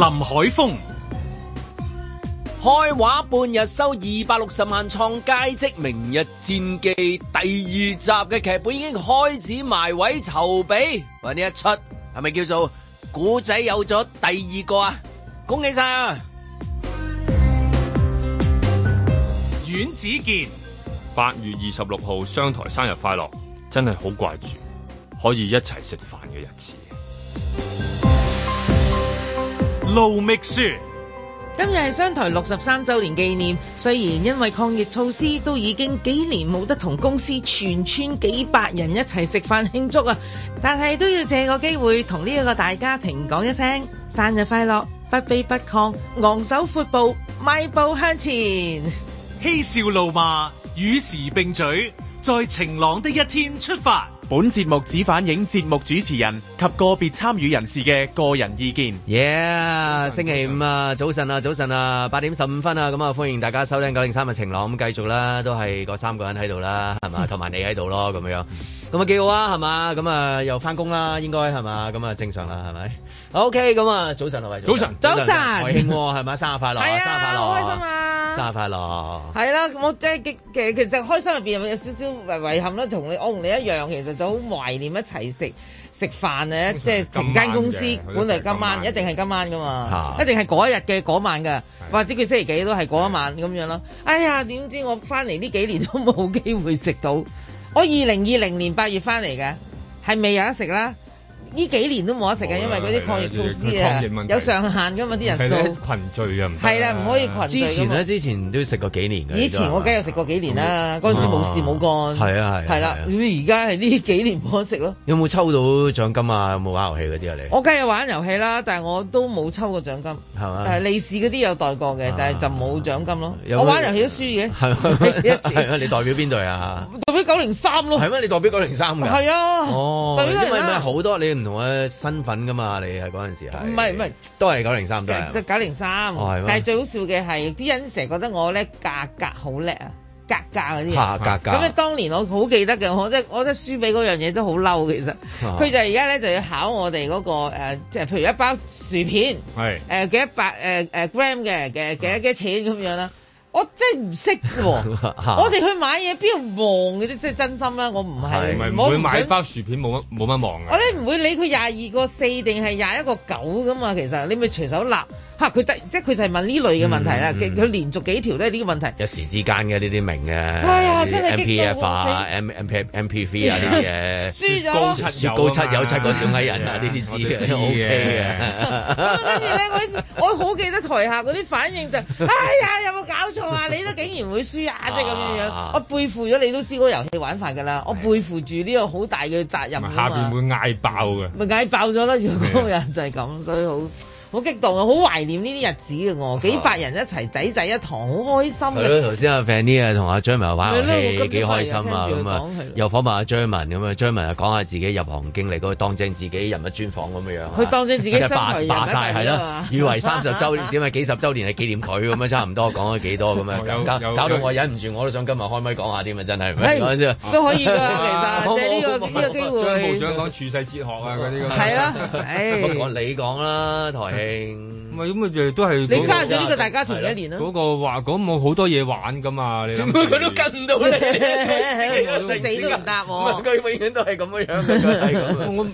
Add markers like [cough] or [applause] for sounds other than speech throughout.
林海峰開畫半日收二百六十萬創佳績，明日戰記第二集嘅劇本已經開始埋位籌備。話呢一出係咪叫做古仔有咗第二個啊？恭喜晒！啊！阮子健八月二十六號商台生日快樂，真係好掛住可以一齊食飯嘅日子。盧覓雪。今日係商台六十三周年紀念。雖然因為抗疫措施，都已經幾年冇得同公司全村幾百人一齊食飯慶祝啊！但係都要借個機會同呢一個大家庭講一聲生日快樂。不卑不亢，昂首闊步，邁步向前，嬉笑怒罵，與時並舉。在晴朗的一天出發。Yeah, 星期五啊，早晨啊，早晨啊，八點十五分啊，好 OK，咁啊，早晨，羅偉。早晨，早晨，國慶係咪？生日快樂，生日快樂，開心啊！生日快樂，係啦。我即係幾其其實開心入邊有少少遺憾啦。同你，我同你一樣，其實就好懷念一齊食食飯啊！即係成間公司，本嚟今晚一定係今晚噶嘛，一定係嗰一日嘅嗰晚噶，或者佢星期幾都係嗰一晚咁樣咯。哎呀，點知我翻嚟呢幾年都冇機會食到？我二零二零年八月翻嚟嘅，係未有得食啦。呢幾年都冇得食嘅，因為嗰啲抗疫措施啊，有上限嘅嘛啲人數，群聚啊，係啦，唔可以群聚。之前咧，之前都食過幾年嘅。以前我梗有食過幾年啦，嗰陣時冇事冇幹。係啊係。係啦，而家係呢幾年冇得食咯。有冇抽到獎金啊？有冇玩遊戲嗰啲啊？你我梗有玩遊戲啦，但係我都冇抽過獎金。係嘛？利是嗰啲有代過嘅，但係就冇獎金咯。我玩遊戲都輸嘅。係啊，你代表邊隊啊？代表九零三咯。係咩？你代表九零三㗎？係啊。哦。因為咪好多你。唔同我身份噶嘛？你喺嗰陣時係唔係唔係都係九零三得啊？九零三，但係最好笑嘅係，啲人成日覺得我咧格價好叻啊，格價嗰啲啊格價。咁你、嗯、當年我好記得嘅，我真我真輸俾嗰樣嘢都好嬲。嘅。其實佢、啊、就而家咧就要考我哋嗰、那個誒、即、呃、係譬如一包薯片，誒是、呃，幾一百誒誒 gram 嘅嘅幾多幾多錢咁樣啦。啊我真係唔識喎，我哋去買嘢邊度望嘅啫，即係真心啦，我唔係，我買包薯片冇乜冇乜望嘅。我哋唔會理佢廿二個四定係廿一個九㗎嘛。其實你咪隨手揦。嚇佢得，即係佢就係問呢類嘅問題啦。佢佢連續幾條都係呢個問題。一時之間嘅呢啲名嘅，係啊，真係 M P F 啊，M P M P V 啊呢啲嘢。輸咗，越高七有七個小矮人啊！呢啲知嘅，O K 嘅。咁跟住咧，我我好記得台下嗰啲反應就係，哎呀，有冇搞錯啊？你都竟然會輸啊？即係咁樣樣。我背負咗你都知嗰個遊戲玩法㗎啦。我背負住呢個好大嘅責任下邊會嗌爆嘅。咪嗌爆咗啦，咯，如果個人就係咁，所以好。好激動啊！好懷念呢啲日子嘅我，幾百人一齊仔仔一堂，好開心嘅。係咯，頭先阿 Fanny 啊同阿 Jermyn 玩遊戲，幾開心啊咁啊！又訪問阿 Jermyn 咁啊，Jermyn 又講下自己入行經歷，佢當正自己人物專訪咁嘅樣。佢當正自己。佢就霸曬，係咯，以為三十週年，點啊幾十週年係紀念佢咁啊，差唔多講咗幾多咁啊，搞到我忍唔住，我都想今日可唔可以講下添啊！真係。係，都可以啊，其實。想講處世哲學啊嗰啲咁，係咯，咁講你講啦。台慶唔係咁，佢哋都係你加咗呢個大家庭一年咯。嗰個話講冇好多嘢玩噶嘛，你。佢都跟唔到你？死都唔答我。佢永遠都係咁嘅樣嘅，係咁。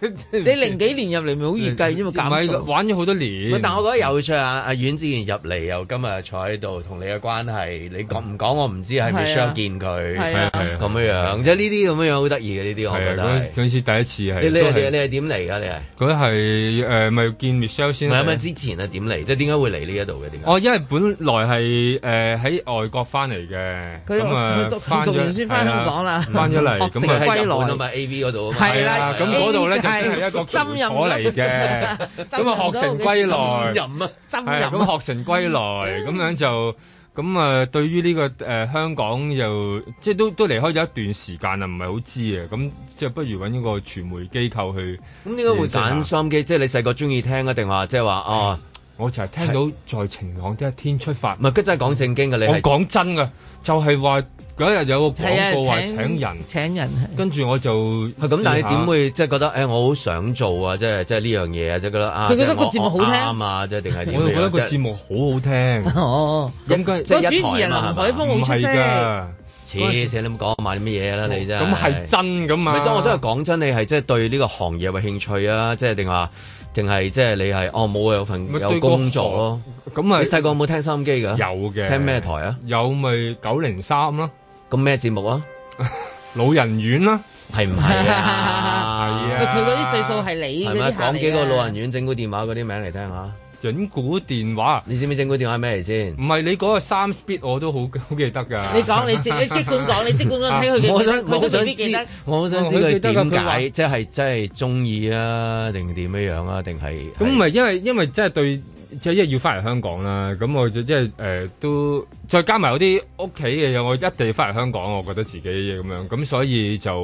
你零幾年入嚟咪好易計啫嘛，揀玩咗好多年。但我覺得有趣啊，阿阮子賢入嚟又今日坐喺度，同你嘅關係，你講唔講我唔知，係咪 Michelle 見佢，咁樣樣，即係呢啲咁樣樣好得意嘅呢啲，我覺得係。上次第一次係。你係你點嚟㗎？你係佢係誒咪見 Michelle 先？咁啊，之前啊點嚟？即係點解會嚟呢一度嘅？點？哦，因為本來係誒喺外國翻嚟嘅，佢佢讀完書翻香港啦，翻咗嚟，學成歸來啊嘛，A V 嗰度係啦，咁度咧。係一個針人嚟嘅，咁啊學成歸來，啊，咁、啊、學成歸來，咁 [laughs] 樣就咁啊，對於呢、這個誒、呃、香港又即係都都離開咗一段時間啊，唔係好知啊，咁即係不如揾呢個傳媒機構去。咁點解會揀收音機？即係你細個中意聽啊？定話即係話哦？我就係聽到在晴朗的一天出發。唔係，真係講正經嘅，你講真噶，就係話。嗰日有個廣告話請人請人，跟住我就咁。但係點會即係覺得誒，我好想做啊！即係即係呢樣嘢啊！即係覺得佢我覺得個節目好聽啊！嘛？即係定係點？我覺得個節目好好聽。哦，咁主持人林海峯好出色。黐線，你冇講賣啲乜嘢啦？你真係咁係真咁啊！真我真係講真，你係即係對呢個行業有興趣啊！即係定話定係即係你係哦冇有份有工作咯？咁啊，你細個有冇聽收音機嘅？有嘅，聽咩台啊？有咪九零三囉？咁咩節目啊？老人院啦，係唔係啊？佢嗰啲歲數係你嗰啲。講、啊、幾個老人院整蠱電話嗰啲名嚟聽下。整蠱電話？你知唔知整蠱電話係咩嚟先？唔係你講個三 speed 我都好好記得噶。 [laughs] 你講你自己即管講，你即管咁睇佢，佢、 [laughs] 啊、都我想知。我好想知佢點解即係真係中意啊？定點樣樣啊？定係？咁唔係因為因為，因為真係對。即係要翻嚟香港啦，咁我就即係誒都再加埋有啲屋企嘅嘢，我一定要翻嚟香港。我覺得自己咁樣，咁所以就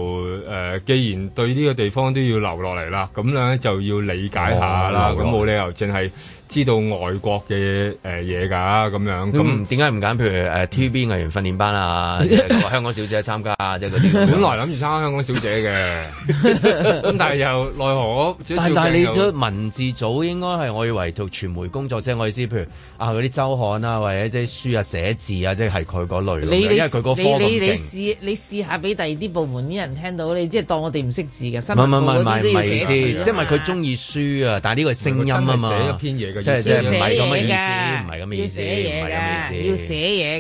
誒，既然對呢個地方都要留落嚟啦，咁咧就要理解下啦。咁冇理由淨係。知道外國嘅誒嘢㗎咁樣，咁點解唔揀譬如誒 TV 藝員訓練班啊，香港小姐參加啊，即係嗰啲。本來諗住參加香港小姐嘅，咁但係又奈何。但係你做文字組應該係，我以為做傳媒工作啫。我意思，譬如啊嗰啲周刊啊，或者即係書啊、寫字啊，即係佢嗰類咯。因為佢嗰科咁勁。你你你試你試下俾第二啲部門啲人聽到，你即係當我哋唔識字嘅新聞報道嗰啲寫字，唔，唔，唔，唔，即係咪佢中意書啊？但係呢個係聲音啊嘛。寫一篇嘢嘅即係即係唔係咁嘅意思，唔係咁嘅意思，唔係咁嘅意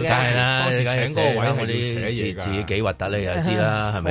思。當然啦，當時請個位係要寫嘢噶。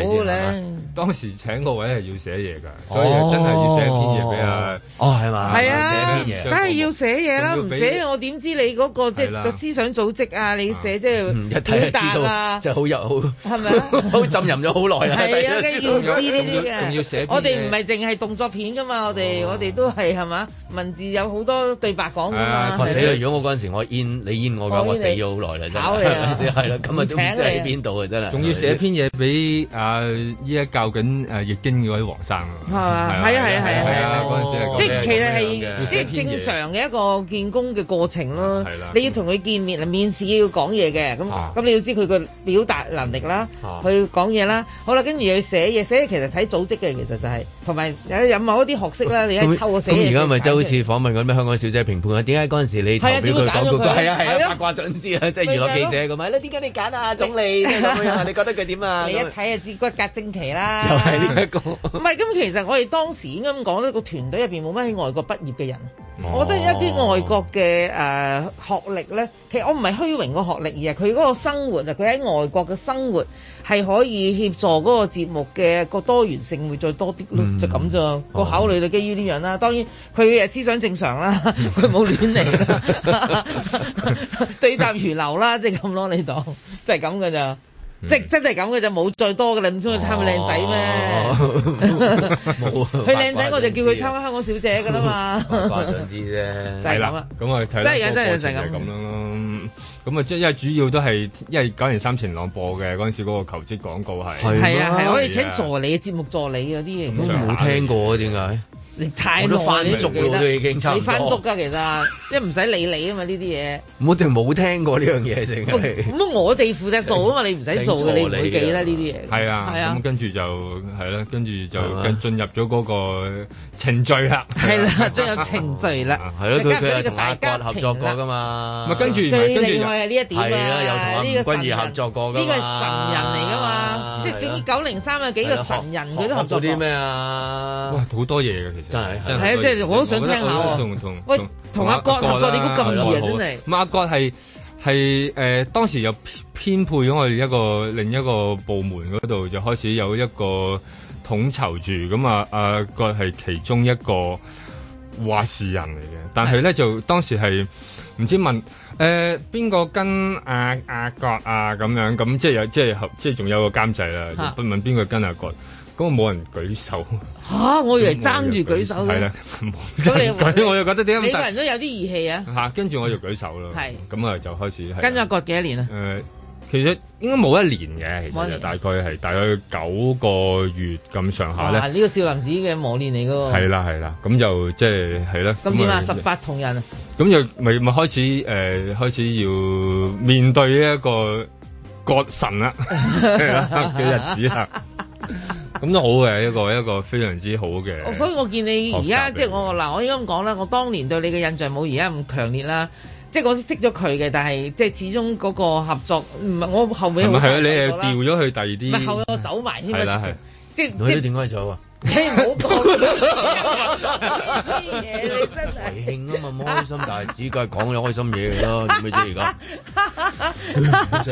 當時請個位係要寫嘢噶，所以真係要寫篇嘢俾阿哦係嘛？係啊，梗係要寫嘢啦，唔寫我點知你嗰個即係思想組織啊？你寫即係好大啊，即係好有好係咪好浸淫咗好耐啦，係啊，梗係要知呢啲嘅。我哋唔係淨係動作片噶嘛，我哋我哋都係係嘛文字有好多。對白講啊！我死啦！如果我嗰陣時我煙你煙我講，我死咗好耐啦！炒你嗰陣時係啦，咁啊寫喺邊度啊？真係，仲要寫篇嘢俾啊依家教緊誒易經嗰位黃生啊！係啊係啊係啊係啊！嗰陣時啊，即係其實係即係正常嘅一個見工嘅過程咯。你要同佢見面面試要講嘢嘅，咁咁你要知佢個表達能力啦，佢講嘢啦。好啦，跟住又要寫嘢寫嘢，其實睇組織嘅，其實就係同埋有有一啲學識啦。你一抽我寫而家咪即係好似訪問嗰啲香港小。即係評判啊！點解嗰陣時你投俾佢講嗰個係啊係啊八卦想知啊！即係娛樂記者咁啊！點解你揀啊總理？你覺得佢點啊？你一睇就知骨格精奇啦！又係呢一個唔係咁，其實我哋當時應該咁講啦。個團隊入邊冇乜喺外國畢業嘅人，我覺得一啲外國嘅誒學歷咧，其實我唔係虛榮個學歷，而係佢嗰個生活啊，佢喺外國嘅生活。係可以協助嗰個節目嘅個多元性會再多啲咯，mm. 就咁咋個考慮就基於呢樣啦。當然佢誒思想正常啦，佢冇亂嚟啦，對答如流啦，即係咁咯，你當即係咁嘅咋，即係真係咁嘅就冇再多嘅啦，唔中意貪靚仔咩？冇，佢靚仔我就叫佢參加香港小姐嘅啦嘛。掛想知啫，就係咁啦。咁我睇，真係真係就係咁樣咯。咁啊，即係因為主要都係，因為九零三晴朗播嘅嗰陣時嗰個求職廣告，係係啊，係我哋請助理嘅、啊、節目助理嗰啲嘢，我都冇聽過啊，點解？你太耐啲，做記得你翻足噶，其實因為唔使理你啊嘛！呢啲嘢我哋冇聽過呢樣嘢，正係。咁我哋負責做啊嘛，你唔使做你唔會記得呢啲嘢。係啊，係啊，咁跟住就係啦，跟住就進入咗嗰個程序啦，係啦，進入程序啦。係咯，佢佢同阿國合作過噶嘛？咪跟住，最厲害呢一點係啦，又同阿軍合作過噶嘛？呢個神人嚟噶嘛？即係總之九零三啊幾個神人，佢都合作過。學啲咩啊？哇，好多嘢㗎，其實～真係，係啊，即係我都想聽下喎。同同，喂，同阿郭合作你估咁易啊，真係。嘛，阿郭係係誒，當時又偏配咗我哋一個另一個部門嗰度，就開始有一個統籌住。咁啊，阿郭係其中一個話事人嚟嘅。但係咧，就當時係唔知問誒邊個跟阿阿郭啊咁樣，咁即係有即係即係仲有個監製啦。問邊個跟阿郭？咁我冇人舉手，吓！我以為爭住舉手嘅，所以我又覺得點解每個人都有啲義氣啊？吓！跟住我就舉手咯，咁啊就開始跟咗割幾多年啊？誒，其實應該冇一年嘅，其實就大概係大概九個月咁上下咧。呢個少林寺嘅磨練嚟噶，係啦，係啦，咁就即係係咯。咁點啊？十八銅人，咁就咪咪開始誒，開始要面對呢一個割神啊嘅日子啊！咁都好嘅，一個一個非常之好嘅，所以我見你而家即係我嗱，我應該咁講啦，我當年對你嘅印象冇而家咁強烈啦，即係我識咗佢嘅，但係即係始終嗰個合作唔係我後尾唔係你係掉咗去第二啲，後尾我走埋添啦，即係即係點解走啊？你唔好講啲嘢，你真係。喜慶啊嘛，冇開心，但係只係講咗開心嘢咯。做咩啫而家？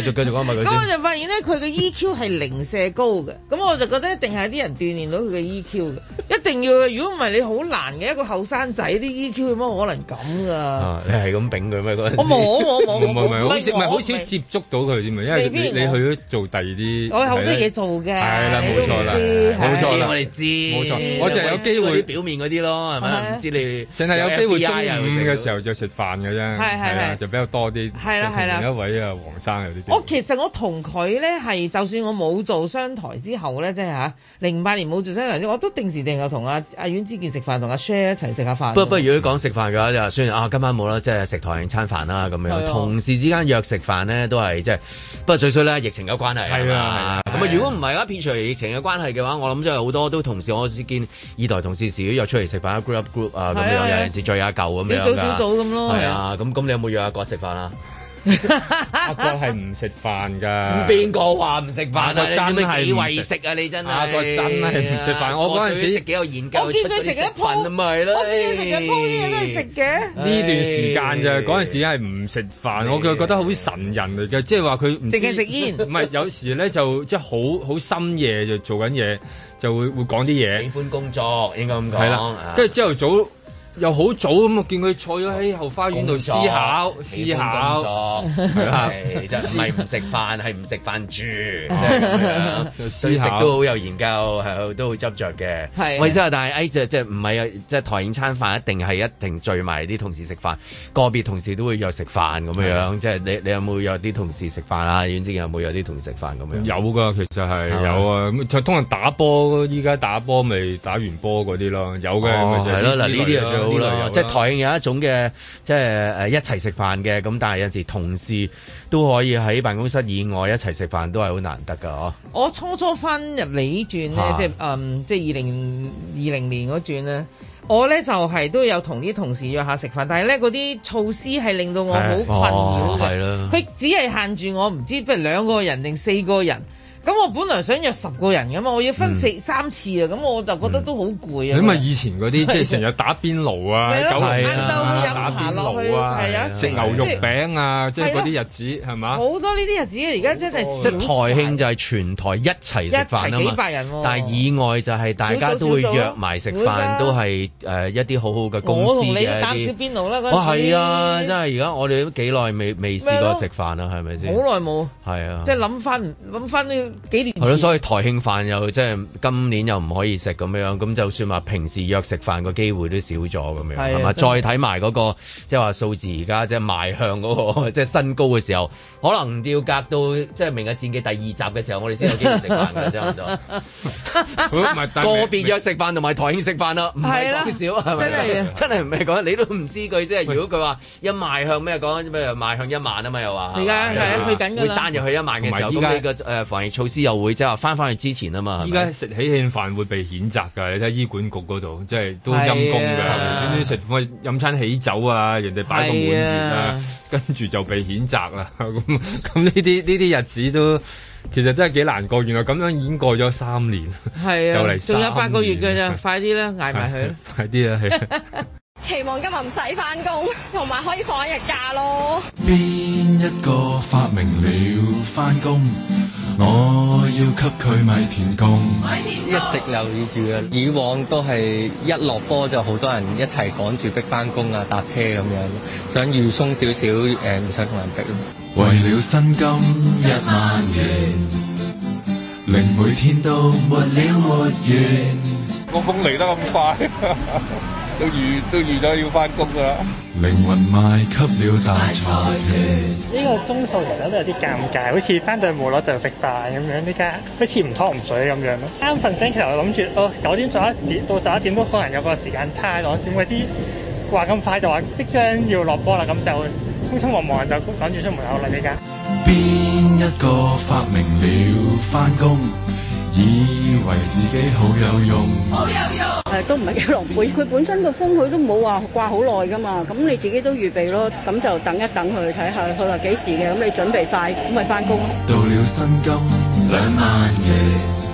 繼續繼續講埋佢。咁我就發現咧，佢嘅 EQ 係零射高嘅。咁我就覺得一定係啲人鍛鍊到佢嘅 EQ。一定要，如果唔係你好難嘅一個後生仔，啲 EQ 有乜可能咁啊？你係咁頂佢咩嗰陣時？我冇我冇冇唔係好小少，接觸到佢點啊？因為你，你去咗做第二啲，我有好多嘢做嘅。係啦， [laughs] [laughs] 冇錯啦。我哋知，冇錯，我就係有機會表面嗰啲咯，係咪？唔知你淨係有機會中午嘅時候就食飯嘅啫，係係係，就比較多啲。係啦係啦，另一位啊黃生有啲。我其實我同佢咧係，就算我冇做商台之後咧，即係嚇零八年冇做商台之後，我都定時定有同阿阿阮之健食飯，同阿 Share 一齊食下飯。不不，如果講食飯嘅話，就算啊，今晚冇啦，即係食台慶餐飯啦咁樣。同事之間約食飯咧，都係即係，不過最衰咧疫情有關係。係啊，咁啊，如果唔係嘅話，撇除疫情嘅關係嘅話，我諗就。好多都同事，我先見二代同事時又出嚟食飯，group up group 啊咁、啊、樣，有陣時聚下舊咁樣噶。小組小組咁咯，係啊，咁咁你有冇約阿哥食飯啊？阿哥係唔食飯噶，邊個話唔食飯咧？阿哥真係唔食。你真係？阿哥真係唔食飯。我嗰陣時食幾有研究，我見佢食一鋪咪係咯。我見佢食一鋪，呢個都係食嘅。呢段時間就，嗰陣時係唔食飯，我佢覺得好神人嚟嘅，即係話佢唔食煙。唔係有時咧就即係好好深夜就做緊嘢，就會會講啲嘢。喜歡工作應該咁講。係啦，跟住朝頭早。又好早咁啊！見佢坐咗喺後花園度思考，思考，就唔係唔食飯，係唔食飯住，食都好有研究，都好執着嘅。喂，真係，但係誒，即係即係唔係即係台慶餐飯一定係一定聚埋啲同事食飯，個別同事都會約食飯咁樣樣。即係你你有冇約啲同事食飯啊？遠志有冇約啲同事食飯咁樣？有㗎，其實係有啊。咁通常打波，依家打波咪打完波嗰啲咯。有嘅。係咯。嗱呢啲即係台慶有一種嘅，即係誒一齊食飯嘅咁，但係有時同事都可以喺辦公室以外一齊食飯，都係好難得㗎哦。我初初翻入嚟呢轉咧，是即係嗯，即係二零二零年嗰轉咧，我咧就係、是、都有同啲同事約下食飯，但係咧嗰啲措施係令到我好困擾嘅。佢、哦、只係限住我唔知，不如兩個人定四個人。咁我本來想約十個人㗎嘛，我要分四三次啊，咁我就覺得都好攰啊。咁啊，以前嗰啲即係成日打邊爐啊，晏晝飲茶落去啊，食牛肉餅啊，即係嗰啲日子係嘛？好多呢啲日子而家真係少。即台慶就係全台一齊食飯，幾百人啊嘛。但係以外就係大家都會約埋食飯，都係誒一啲好好嘅公司嘅一啲。我同你打小邊爐啦，嗰陣時。哦，係啊，真係而家我哋都幾耐未未試過食飯啦，係咪先？好耐冇。係啊，即係諗翻諗翻呢？係咯，所以台慶飯又即係今年又唔可以食咁樣，咁就算話平時約食飯個機會都少咗咁樣，係嘛？再睇埋嗰個即係話數字，而家即係邁向嗰個即係新高嘅時候，可能掉隔到即係明日戰記第二集嘅時候，我哋先有機會食飯嘅差唔多。個別約食飯同埋台慶食飯咯，唔係少，真係真係唔係講，你都唔知佢即係如果佢話一邁向咩講咩邁向一萬啊嘛又話，而家係喺去緊嘅，會單入去一萬嘅時候，咁呢誒老師又會即係話翻返去之前啊嘛，依家食喜慶飯會被譴責噶，你睇醫管局嗰度即係都陰公嘅，啲食飲餐喜酒啊，人哋擺個滿月啊，啊跟住就被譴責啦。咁咁呢啲呢啲日子都其實真係幾難過，原來咁樣已經過咗三年，係啊，仲 [laughs] 有八個月噶咋、 [laughs] 啊，快啲啦，挨埋佢，快啲啦，期望今日唔使翻工，同埋可以放一日假咯。邊一個發明了翻工？我要給佢米田共，田一直留意住嘅。以往都係一落波就好多人一齊趕住逼返工啊，搭車咁樣，想放鬆少少誒，唔使同人逼咯。為了薪金一萬元，令每天都沒了沒完。個 [noise] 風嚟得咁快。 [laughs] 都預都預到要翻工啦！靈魂賣給了大財團。呢個鐘數其實都有啲尷尬，好似翻到去冇攞就食飯咁樣，呢家好似唔湯唔水咁樣咯。啱瞓醒，其實我諗住哦，九點十一點到十一點都可能有個時間差咗，點鬼知話咁快就話即將要落波啦，咁就匆匆忙忙就趕住出門口啦，呢家。邊一個發明了翻工？以為自己好有用，誒， [noise] 都唔係幾狼狽。佢本身個風佢都冇話掛好耐噶嘛，咁你自己都預備咯，咁就等一等佢睇下佢話幾時嘅，咁你準備晒，咁咪翻工。到了薪金兩萬嘅。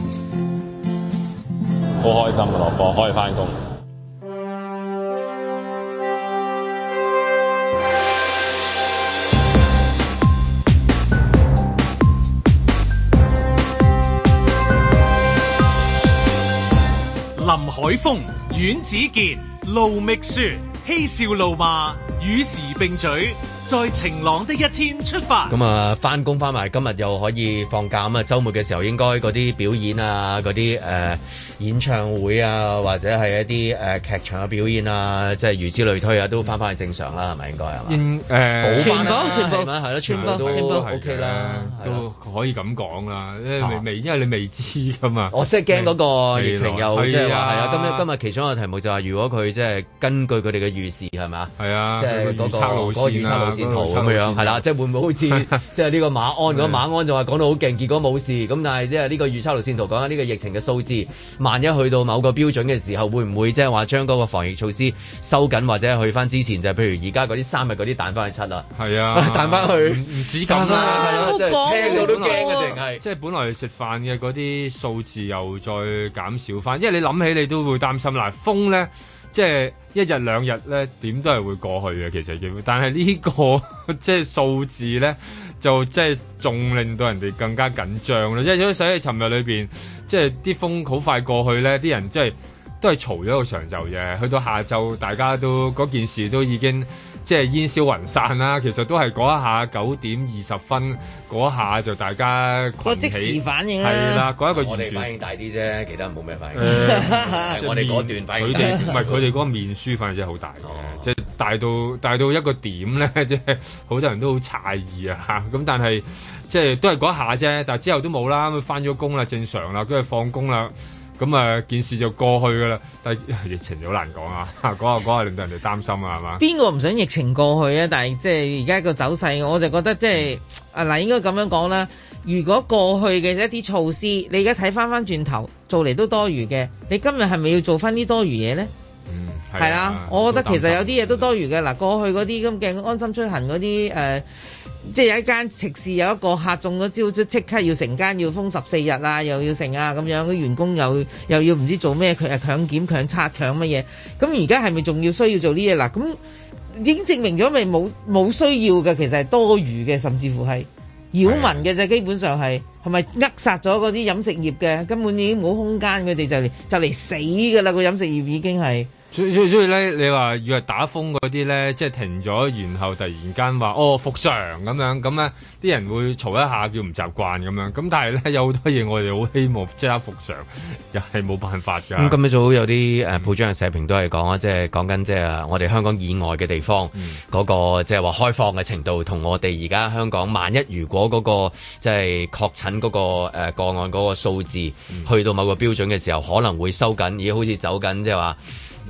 好開心嘅落課，可以翻工。林海峰、阮子健、盧覓雪、嬉笑怒罵，與時並舉，在晴朗的一天出發。咁啊，翻工翻埋，今日又可以放假，咁啊，周末嘅時候應該嗰啲表演啊，嗰啲誒。呃演唱會啊，或者係一啲誒劇場嘅表演啊，即係如此類推啊，都翻返去正常啦，係咪應該係嘛？誒，全部全部係咯，全部都 OK 啦，都可以咁講啦，誒未，因為你未知㗎嘛。我即係驚嗰個疫情又，即係話係啊。今日今日其中一個題目就話，如果佢即係根據佢哋嘅預示係嘛？係啊，即係嗰個嗰個預測路線圖咁樣樣係啦，即係會唔會好似即係呢個馬鞍嗰馬鞍就話講到好勁，結果冇事咁，但係即係呢個預測路線圖講緊呢個疫情嘅數字萬一去到某個標準嘅時候，會唔會即係話將嗰個防疫措施收緊，或者去翻之前就係、譬如而家嗰啲三日嗰啲彈翻去七、啊啊、去啦？係啊，彈翻去唔止咁啦，都講到都驚嘅，淨係即係本來食飯嘅嗰啲數字又再減少翻，因為你諗起你都會擔心嗱，風咧。即係一日兩日咧，點都係會過去嘅其實，但係呢個即係數字咧，就即係仲令到人哋更加緊張啦。即係所以，尋日裏邊即係啲風好快過去咧，啲人即係都係嘈咗個上晝啫，去到下晝大家都嗰件事都已經。即係煙消雲散啦，其實都係嗰一下九點二十分嗰一下就大家即時反應係、啊、啦，嗰一個完全，我哋反應大啲啫，其他人冇咩反應。欸、 [laughs] 我哋嗰段反應，佢哋唔係佢哋嗰個面書反應真係好大嘅，即係 [laughs] 大到大到一個點咧，即係好多人都好詫異啊嚇！咁但係即係都係嗰一下啫，但係之後都冇啦，咁翻咗工啦，正常啦，跟住放工啦。咁啊，嗯、件事就過去噶啦。但係疫情就好難講啊，嗰下嗰下令到人哋擔心啊，係嘛？邊個唔想疫情過去啊？但係即係而家個走勢，我就覺得即係嗱，應該咁樣講啦。如果過去嘅一啲措施，你而家睇翻翻轉頭做嚟都多餘嘅，你今日係咪要做翻啲多餘嘢咧？嗯，係啦、啊，啊、我覺得擔其實有啲嘢都多餘嘅。嗱、啊，過去嗰啲咁嘅安心出行嗰啲誒。呃即係有一間食肆，有一個客中咗招，即即刻要成間要封十四日啊，又要成啊咁樣，啲員工又又要唔知做咩，佢啊強檢強拆強乜嘢？咁而家係咪仲要需要做啲嘢嗱？咁已經證明咗咪冇冇需要嘅，其實係多餘嘅，甚至乎係擾民嘅啫。的基本上係係咪扼殺咗嗰啲飲食業嘅？根本已經冇空間，佢哋就就嚟死噶啦！個飲食業已經係。所以所以咧，你話要打風嗰啲咧，即係停咗，然後突然間話哦復常咁樣，咁咧啲人會嘈一下，叫唔習慣咁樣。咁但係咧，有好多嘢我哋好希望即刻復常，又係冇辦法㗎。咁今日早有啲誒報章嘅社評都係講啊，即係講緊即係我哋香港以外嘅地方嗰、嗯、個即係話開放嘅程度，同我哋而家香港萬一如果嗰、那個即係、就是、確診嗰、那個誒、呃、個案嗰個數字去到某個標準嘅時候，可能會收緊，而好似走緊即係話。就是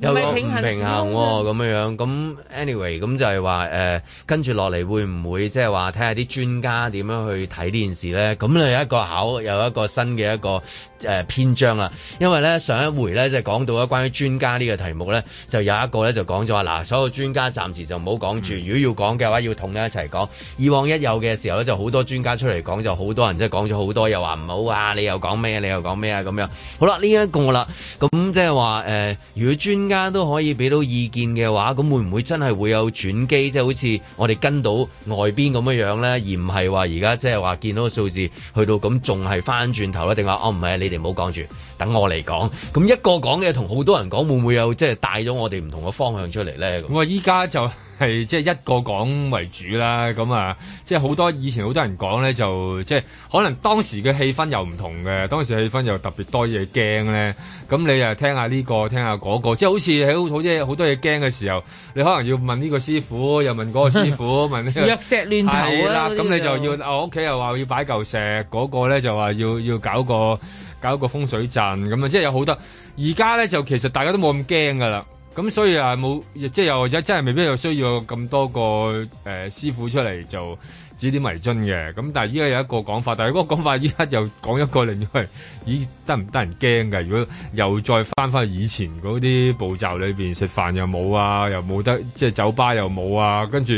有個唔平衡喎，咁樣樣咁，anyway，咁就係話誒，跟住落嚟會唔會即係話睇下啲專家點樣去睇呢件事呢？咁你有一個考，有一個新嘅一個誒、呃、篇章啦。因為呢，上一回呢即係、講到呢關於專家呢個題目呢，就有一個呢就講咗話嗱，所有專家暫時就唔好講住，如果要講嘅話，要統一一齊講。以往一有嘅時候呢，就好多專家出嚟講，就好多人即係講咗好多，又話唔好啊！你又講咩、啊？你又講咩啊？咁樣好啦，呢、這、一個啦，咁即係話誒，如果專依家都可以俾到意見嘅話，咁會唔會真係會有轉機？即係好似我哋跟到外邊咁樣樣咧，而唔係話而家即係話見到數字去到咁，仲係翻轉頭咧？定話哦，唔係你哋唔好講住，等我嚟講。咁一個講嘅同好多人講，會唔會有即係帶咗我哋唔同嘅方向出嚟呢？咁我依家就。係即係一個講為主啦，咁啊，即係好多以前好多人講咧，就即係可能當時嘅氣氛又唔同嘅，當時氣氛又特別多嘢驚咧，咁你又聽下呢個，聽下嗰個，即係好似好好即係好多嘢驚嘅時候，你可能要問呢個師傅，又問嗰個師傅， [laughs] 問呢個，石亂頭啊，咁你就要，我屋企又話要擺嚿石，嗰個咧就話要要搞個搞個風水陣咁啊，即係有好多，而家咧就其實大家都冇咁驚噶啦。咁所以啊冇，即係又真係未必有需要咁多個誒、呃、師傅出嚟做指點迷津嘅。咁但係依家有一個講法，但係嗰個講法依家又講一個另外。咦，得唔得人驚嘅？如果又再翻翻以前嗰啲步驟裏邊食飯又冇啊，又冇得即係酒吧又冇啊，跟住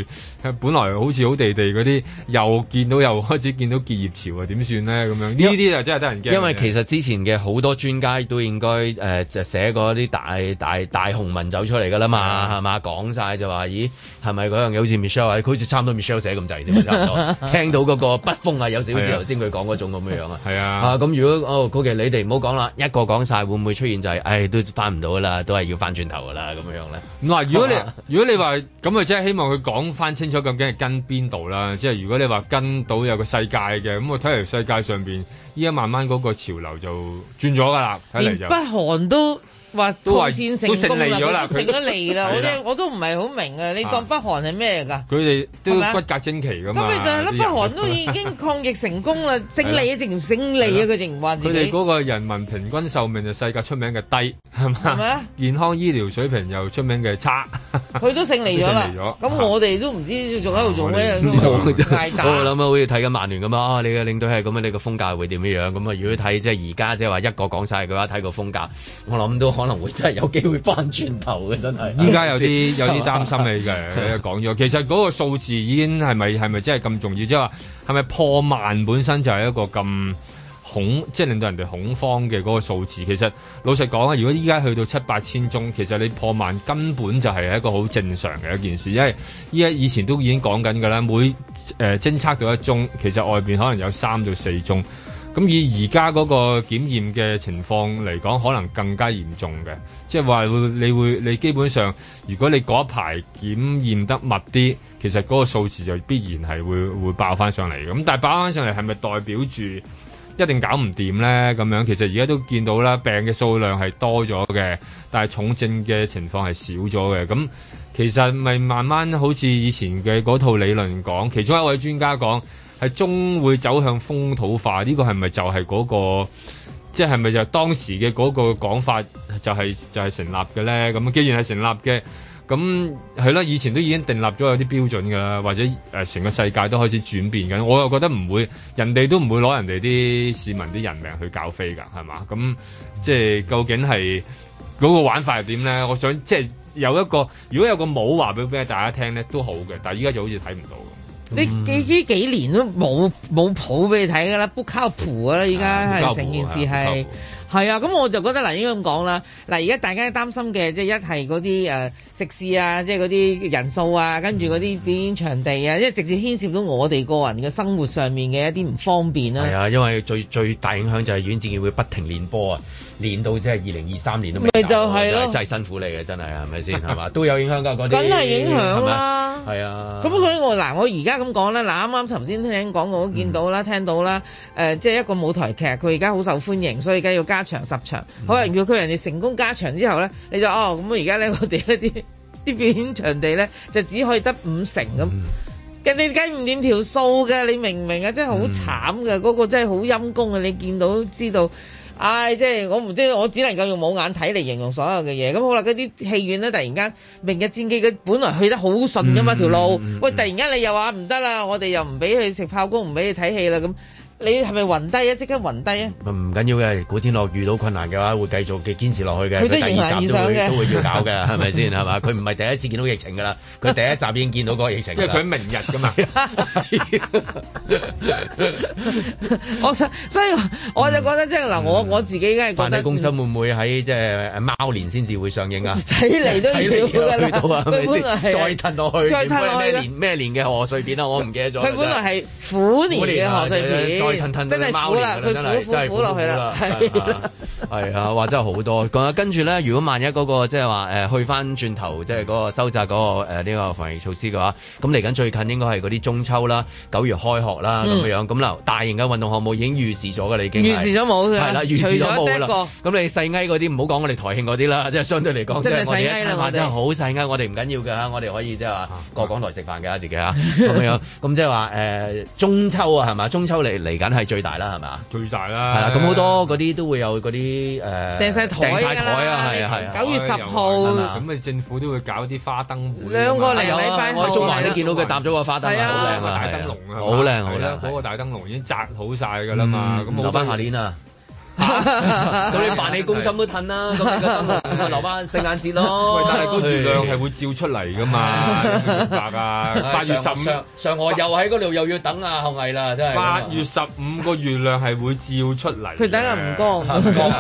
本來好似好地地嗰啲，又見到又開始見到結業潮啊，點算呢？咁樣呢啲就真係得人驚。因為其實之前嘅好多專家都應該誒就、呃、寫過啲大大大紅文走出嚟㗎啦嘛，係嘛？講晒就話咦，係咪嗰樣嘢好似 Michelle，佢似差唔多 Michelle 寫咁滯？差唔多聽到嗰個北風啊，有少少頭先佢講嗰種咁樣樣啊。係啊。咁如果、哦好、okay，你哋唔好講啦，一個講晒會唔會出現就係、是，唉，都翻唔到噶啦，都係要翻轉頭噶啦，咁樣樣咧。唔係，如果你 [laughs] 如果你話咁啊，即係希望佢講翻清楚，究竟係跟邊度啦？即係如果你話跟到有個世界嘅，咁我睇嚟世界上邊依家慢慢嗰個潮流就轉咗噶啦，睇嚟就。北韓都。話抗戰成功咗啦，佢勝咗利啦，我真我都唔係好明啊！你當北韓係咩噶？佢哋都骨格精奇噶嘛？咁咪就係咧？北韓都已經抗疫成功啦，勝利啊！直情勝利啊！佢直情話自己。佢哋嗰個人民平均壽命就世界出名嘅低，係嘛？健康醫療水平又出名嘅差。佢都勝利咗啦，咁我哋都唔知仲喺度做咩。我諗啊，好似睇緊曼聯咁啊，你嘅領隊係咁樣，你個風格會點樣樣？咁啊，如果睇即係而家即係話一個講晒嘅話，睇個風格，我諗都。可能會真係有機會翻轉頭嘅，真係依家有啲 [laughs] 有啲擔心你嘅，講咗吧。其實嗰個數字已經係咪係咪真係咁重要？即係話係咪破萬本身就係一個咁恐，即係令到人哋恐慌嘅嗰個數字。其實老實講啊，如果依家去到七八千宗，其實你破萬根本就係一個好正常嘅一件事，因為依家以前都已經講緊㗎喇。每誒、呃、偵測到一宗，其實外邊可能有三到四宗。咁以而家嗰個檢驗嘅情況嚟講，可能更加嚴重嘅，即係話會你會你基本上，如果你嗰一排檢驗得密啲，其實嗰個數字就必然係會會爆翻上嚟，咁但係爆翻上嚟係咪代表住一定搞唔掂咧？咁樣其實而家都見到啦，病嘅數量係多咗嘅，但係重症嘅情況係少咗嘅。咁，嗯，其實咪慢慢好似以前嘅嗰套理論講，其中一位專家講。係終會走向風土化，呢、這個係咪就係嗰、那個，即係咪就是當時嘅嗰個講法就係、是、就係、是、成立嘅咧？咁既然係成立嘅，咁係啦，以前都已經訂立咗有啲標準噶啦，或者誒成、呃、個世界都開始轉變緊，我又覺得唔會，人哋都唔會攞人哋啲市民啲人命去教飛噶，係嘛？咁即係究竟係嗰、那個玩法係點咧？我想即係有一個，如果有個冇話俾邊大家聽咧都好嘅，但係依家就好似睇唔到。嗯、你幾呢幾年都冇冇譜俾你睇㗎啦，不靠譜啊！而家係成件事係係啊，咁、啊嗯、我就覺得嗱，應該咁講啦。嗱，而家大家擔心嘅即係一係嗰啲誒。呃食肆啊，即係嗰啲人數啊，跟住嗰啲表演場地啊，嗯、即係直接牽涉到我哋個人嘅生活上面嘅一啲唔方便啦、啊。係啊，因為最最大影響就係演展會不停練波啊，練到即係二零二三年都未。咪就係咯，真係辛苦你嘅，真係係咪先係嘛，都有影響㗎嗰啲。梗係影響啦。係啊。咁所以我嗱，我而家咁講咧，嗱啱啱頭先聽講我都見到啦，嗯、聽到啦，誒、呃、即係一個舞台劇，佢而家好受歡迎，所以而家要加場十場。可能、嗯、如果佢人哋成功加場之後咧，你就哦咁，而家咧我哋一啲。 [laughs] 啲表演場地呢，就只可以得五成咁，人哋計唔掂條數嘅，你明唔明啊？真係好慘嘅，嗰、mm hmm. 個真係好陰功啊！你見到知道，唉，即係我唔知，我只能夠用冇眼睇嚟形容所有嘅嘢。咁、嗯、好啦，嗰啲戲院呢，突然間《明日戰記》佢本來去得好順噶、mm hmm. 嘛條路，喂、哎，突然間你又話唔得啦，我哋又唔俾佢食爆谷，唔俾佢睇戲啦咁。你係咪暈低啊？即刻暈低啊！唔緊要嘅，古天樂遇到困難嘅話，會繼續嘅堅持落去嘅。佢都迎難而上嘅，都會要搞嘅，係咪先係嘛？佢唔係第一次見到疫情㗎啦，佢第一集已經見到個疫情。佢係明日㗎嘛。我所以我就覺得即係嗱，我我自己梗係覺得公司會唔會喺即係貓年先至會上映啊？睇嚟都要佢本來係去到再褪落去，再褪落去年咩年嘅賀歲片啊？我唔記得咗。佢本來係虎年嘅賀歲片。真係苦啦，佢苦苦苦落去啦，係。係 [laughs] 啊，哇！真係好多。咁啊，跟住咧，如果萬一嗰、那個即係話誒，去返轉頭即係嗰個收窄嗰、那個呢、呃這個防疫措施嘅話，咁嚟緊最近應該係嗰啲中秋啦、九月開學啦咁樣、嗯、樣。咁嗱，大型嘅運動項目已經預示咗㗎啦，已經預示咗冇嘅，係啦，預示咗冇啦。咁、就、你、是、細鵪嗰啲唔好講，我哋台慶嗰啲啦，即係相對嚟講，即係細鵪啦，我哋好細鵪，我哋唔緊要㗎，我哋可以即係話過港台食飯㗎、啊，自己 [laughs] 啊咁樣。咁即係話誒中秋啊，係嘛？中秋嚟嚟緊係最大啦，係嘛？最大啦。係啦、 [laughs] 啊，咁好多嗰啲都會有嗰啲。誒，掟晒台啊，係啊係啊，九月十號，咁啊政府都會搞啲花燈會，兩個嚟禮拜後，我中環都見到佢搭咗個花燈好靚啊，大燈籠啊，好靚好靚，嗰個大燈籠已經紮好晒噶啦嘛，咁冇。翻下年啦。咁你煩你公心都褪啦，咁你留翻聖誕節咯。喂，但係個月亮係會照出嚟噶嘛？明白八月十五，上河又喺嗰度又要等啊後羿啦，真係。八月十五個月亮係會照出嚟。佢等下唔光，唔光。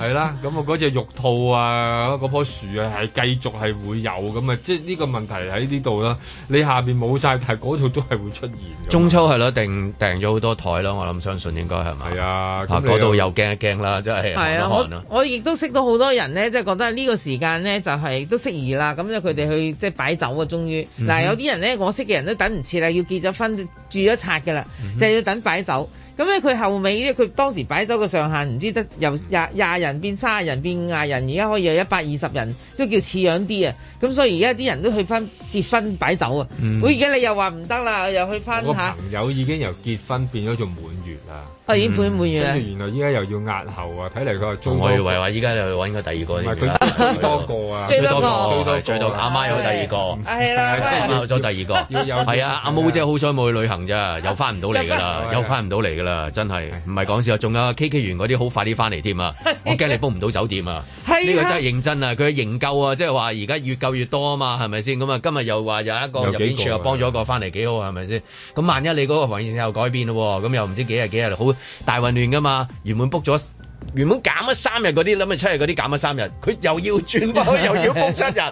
係啦，咁啊嗰隻玉兔啊，嗰棵樹啊，係繼續係會有咁啊，即係呢個問題喺呢度啦。你下邊冇晒，但係嗰度都係會出現。中秋係咯，訂訂咗好多台咯，我諗相信應該係咪係啊，嗰度又驚。驚啦，真係汗、啊、了都我亦都識到好多人咧，即、就、係、是、覺得呢個時間咧就係、是、都適宜啦。咁就佢哋去即係擺酒終於、嗯、哼啊，終於嗱有啲人咧，我識嘅人都等唔切啦，要結咗婚住咗冊噶啦，嗯、哼就係要等擺酒。咁咧佢後尾咧，佢當時擺酒嘅上限唔知得由廿廿人變卅人變五十人，而家可以有一百二十人，都叫似樣啲啊！咁所以而家啲人都去翻結婚擺酒啊！嗯、哼我而家你又話唔得啦，又去翻我個朋友已經由結婚變咗做滿。月啦，哦，已經原來依家又要押後啊！睇嚟佢係中。我以為話依家又揾個第二個。唔佢多個啊，最多個，最多最多阿媽有第二個。阿媽有咗第二個，要有。係啊，阿毛姐好彩冇去旅行咋，又翻唔到嚟噶啦，又翻唔到嚟噶啦，真係唔係講笑。仲有 K K 源嗰啲好快啲翻嚟添啊，我驚你 book 唔到酒店啊。呢個真係認真啊！佢營救啊，即係話而家越救越多啊嘛，係咪先？咁啊，今日又話有一個入境處又幫咗一個翻嚟，幾好啊？係咪先？咁萬一你嗰個防疫政策又改變嘞喎？咁又唔知幾？幾日好大混亂噶嘛，原本 book 咗。原本減咗三日嗰啲，諗住七日嗰啲減咗三日，佢又要轉多，又要 book 七日，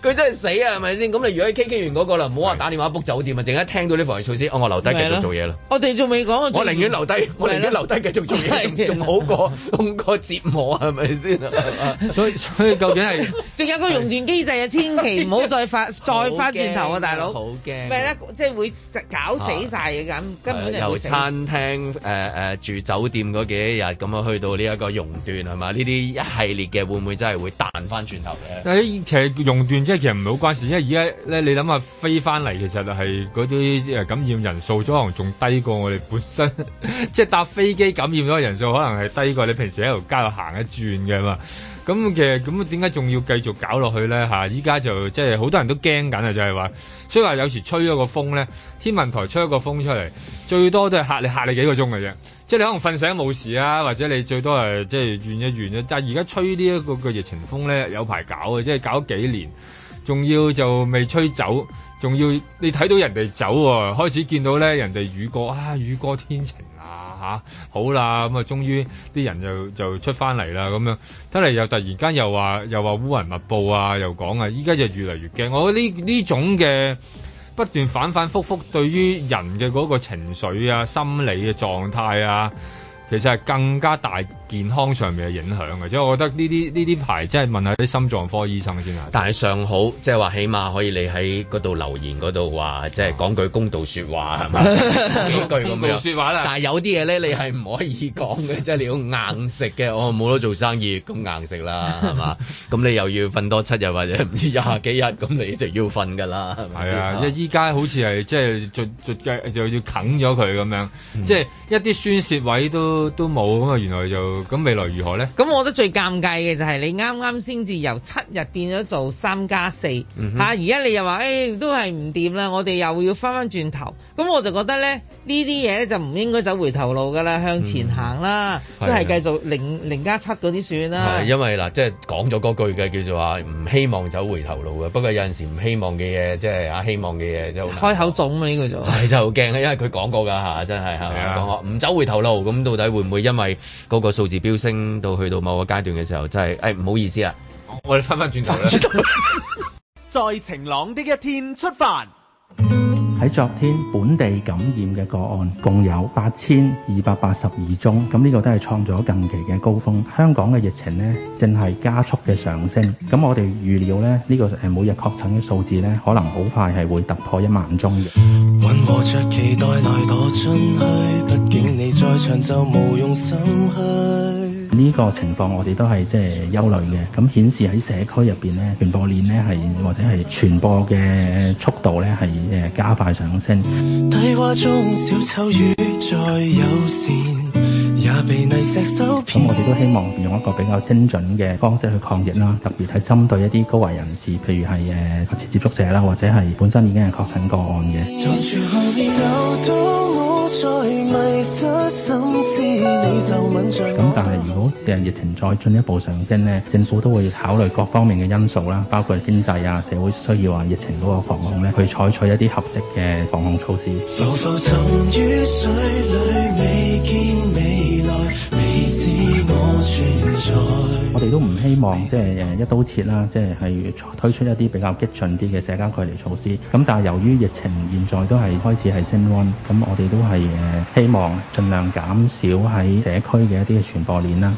佢真係死啊！係咪先？咁你如果喺 K K 完嗰個啦，唔好話打電話 book 酒店啊，陣間聽到呢防疫措施，我留低繼續做嘢啦。我哋仲未講，我寧願留低，我寧願留低繼續做嘢，仲好過咁個折磨係咪先？所以所以究竟係？仲有個熔斷機制啊，千祈唔好再發再翻轉頭啊，大佬！好驚。咪咧，即係會搞死晒嘅咁，根本就由餐廳誒誒住酒店嗰幾日咁樣去到。呢一個熔斷係嘛？呢啲一系列嘅會唔會真係會彈翻轉頭嘅？但係其實熔斷即係其實唔係好關事，因為而家咧你諗下飛翻嚟，其實係嗰啲誒感染人數，可能仲低過我哋本身， [laughs] 即係搭飛機感染咗人數，可能係低過你平時喺度街度行一轉嘅嘛。咁其實咁點解仲要繼續搞落去咧？吓，依家就即係好多人都驚緊啊，就係話，所以話有時吹咗個風咧，天文台吹一個風出嚟，最多都係嚇你嚇你幾個鐘嘅啫。即係你可能瞓醒冇事啊，或者你最多係即係轉一轉啊。但係而家吹呢一個疫情風咧，有排搞啊，即係搞幾年，仲要就未吹走，仲要你睇到人哋走喎，開始見到咧人哋雨過啊，雨過天晴啊嚇、啊，好啦，咁啊終於啲人就又出翻嚟啦咁樣，睇嚟又突然間又話又話烏雲密布啊，又講啊，依家就越嚟越驚。我覺得呢呢種嘅。不斷反反复覆對於人嘅嗰個情緒啊、心理嘅狀態啊，其實係更加大。健康上面嘅影響嘅，即係我覺得呢啲呢啲牌，即係問下啲心臟科醫生先啊。但係尚好，即係話起碼可以你喺嗰度留言嗰度話，即係講句公道説話，係咪？ [laughs] 幾句咁樣。説話。但係有啲嘢咧，你係唔可以講嘅，即係你要硬食嘅。我、哦、冇 [laughs] 得做生意，咁硬食啦，係嘛？咁 [laughs] 你又要瞓多七日或者唔知廿幾日，咁你就要瞓㗎啦。係啊，即係依家好似係即係就就就要啃咗佢咁樣，即係、嗯、一啲宣泄位都都冇咁啊！原來就～咁未來如何咧？咁我覺得最尷尬嘅就係你啱啱先至由七日變咗做三加四嚇，而家 [noise] 你又話誒、哎、都係唔掂啦，我哋又要翻翻轉頭。咁我就覺得咧呢啲嘢就唔應該走回頭路㗎啦，向前行啦，嗯、都係繼續零、啊、零加七嗰啲算啦、啊。因為嗱，即係講咗嗰句嘅叫做話唔希望走回頭路嘅。不過有陣時唔希望嘅嘢，即係啊希望嘅嘢，即係開口總呢、啊這個就係、是啊、就驚啊，因為佢講過㗎嚇、啊，真係嚇講唔走回頭路。咁到底會唔會因為嗰個數？自飆升到去到某個階段嘅時候，真係，誒唔好意思啊，我哋翻返轉頭。在晴朗的一天出發。喺昨天本地感染嘅個案共有八千二百八十二宗，咁呢個都係創咗近期嘅高峰。香港嘅疫情呢，正係加速嘅上升，咁我哋預料呢，呢、呢個誒每日確診嘅數字呢，可能好快係會突破一萬宗嘅。着期待，畢竟你再長就冇用心。呢個情況我哋都係即係憂慮嘅，咁顯示喺社區入邊咧，傳播鏈咧係或者係傳播嘅速度咧係誒加快上升。中小 [noise] [noise] 咁、嗯、我哋都希望用一個比較精準嘅方式去抗疫啦，特別係針對一啲高危人士，譬如係誒密切接觸者啦，或者係本身已經係確診個案嘅。咁、嗯、但係如果第疫情再進一步上升呢，政府都會考慮各方面嘅因素啦，包括經濟啊、社會需要啊、疫情嗰個防控呢，去採取一啲合適嘅防控措施。我哋都唔希望即係一刀切啦，即係係推出一啲比較激進啲嘅社交距離措施。咁但係由於疫情現在都係開始係升溫，咁我哋都係誒希望盡量減少喺社區嘅一啲嘅傳播鏈啦。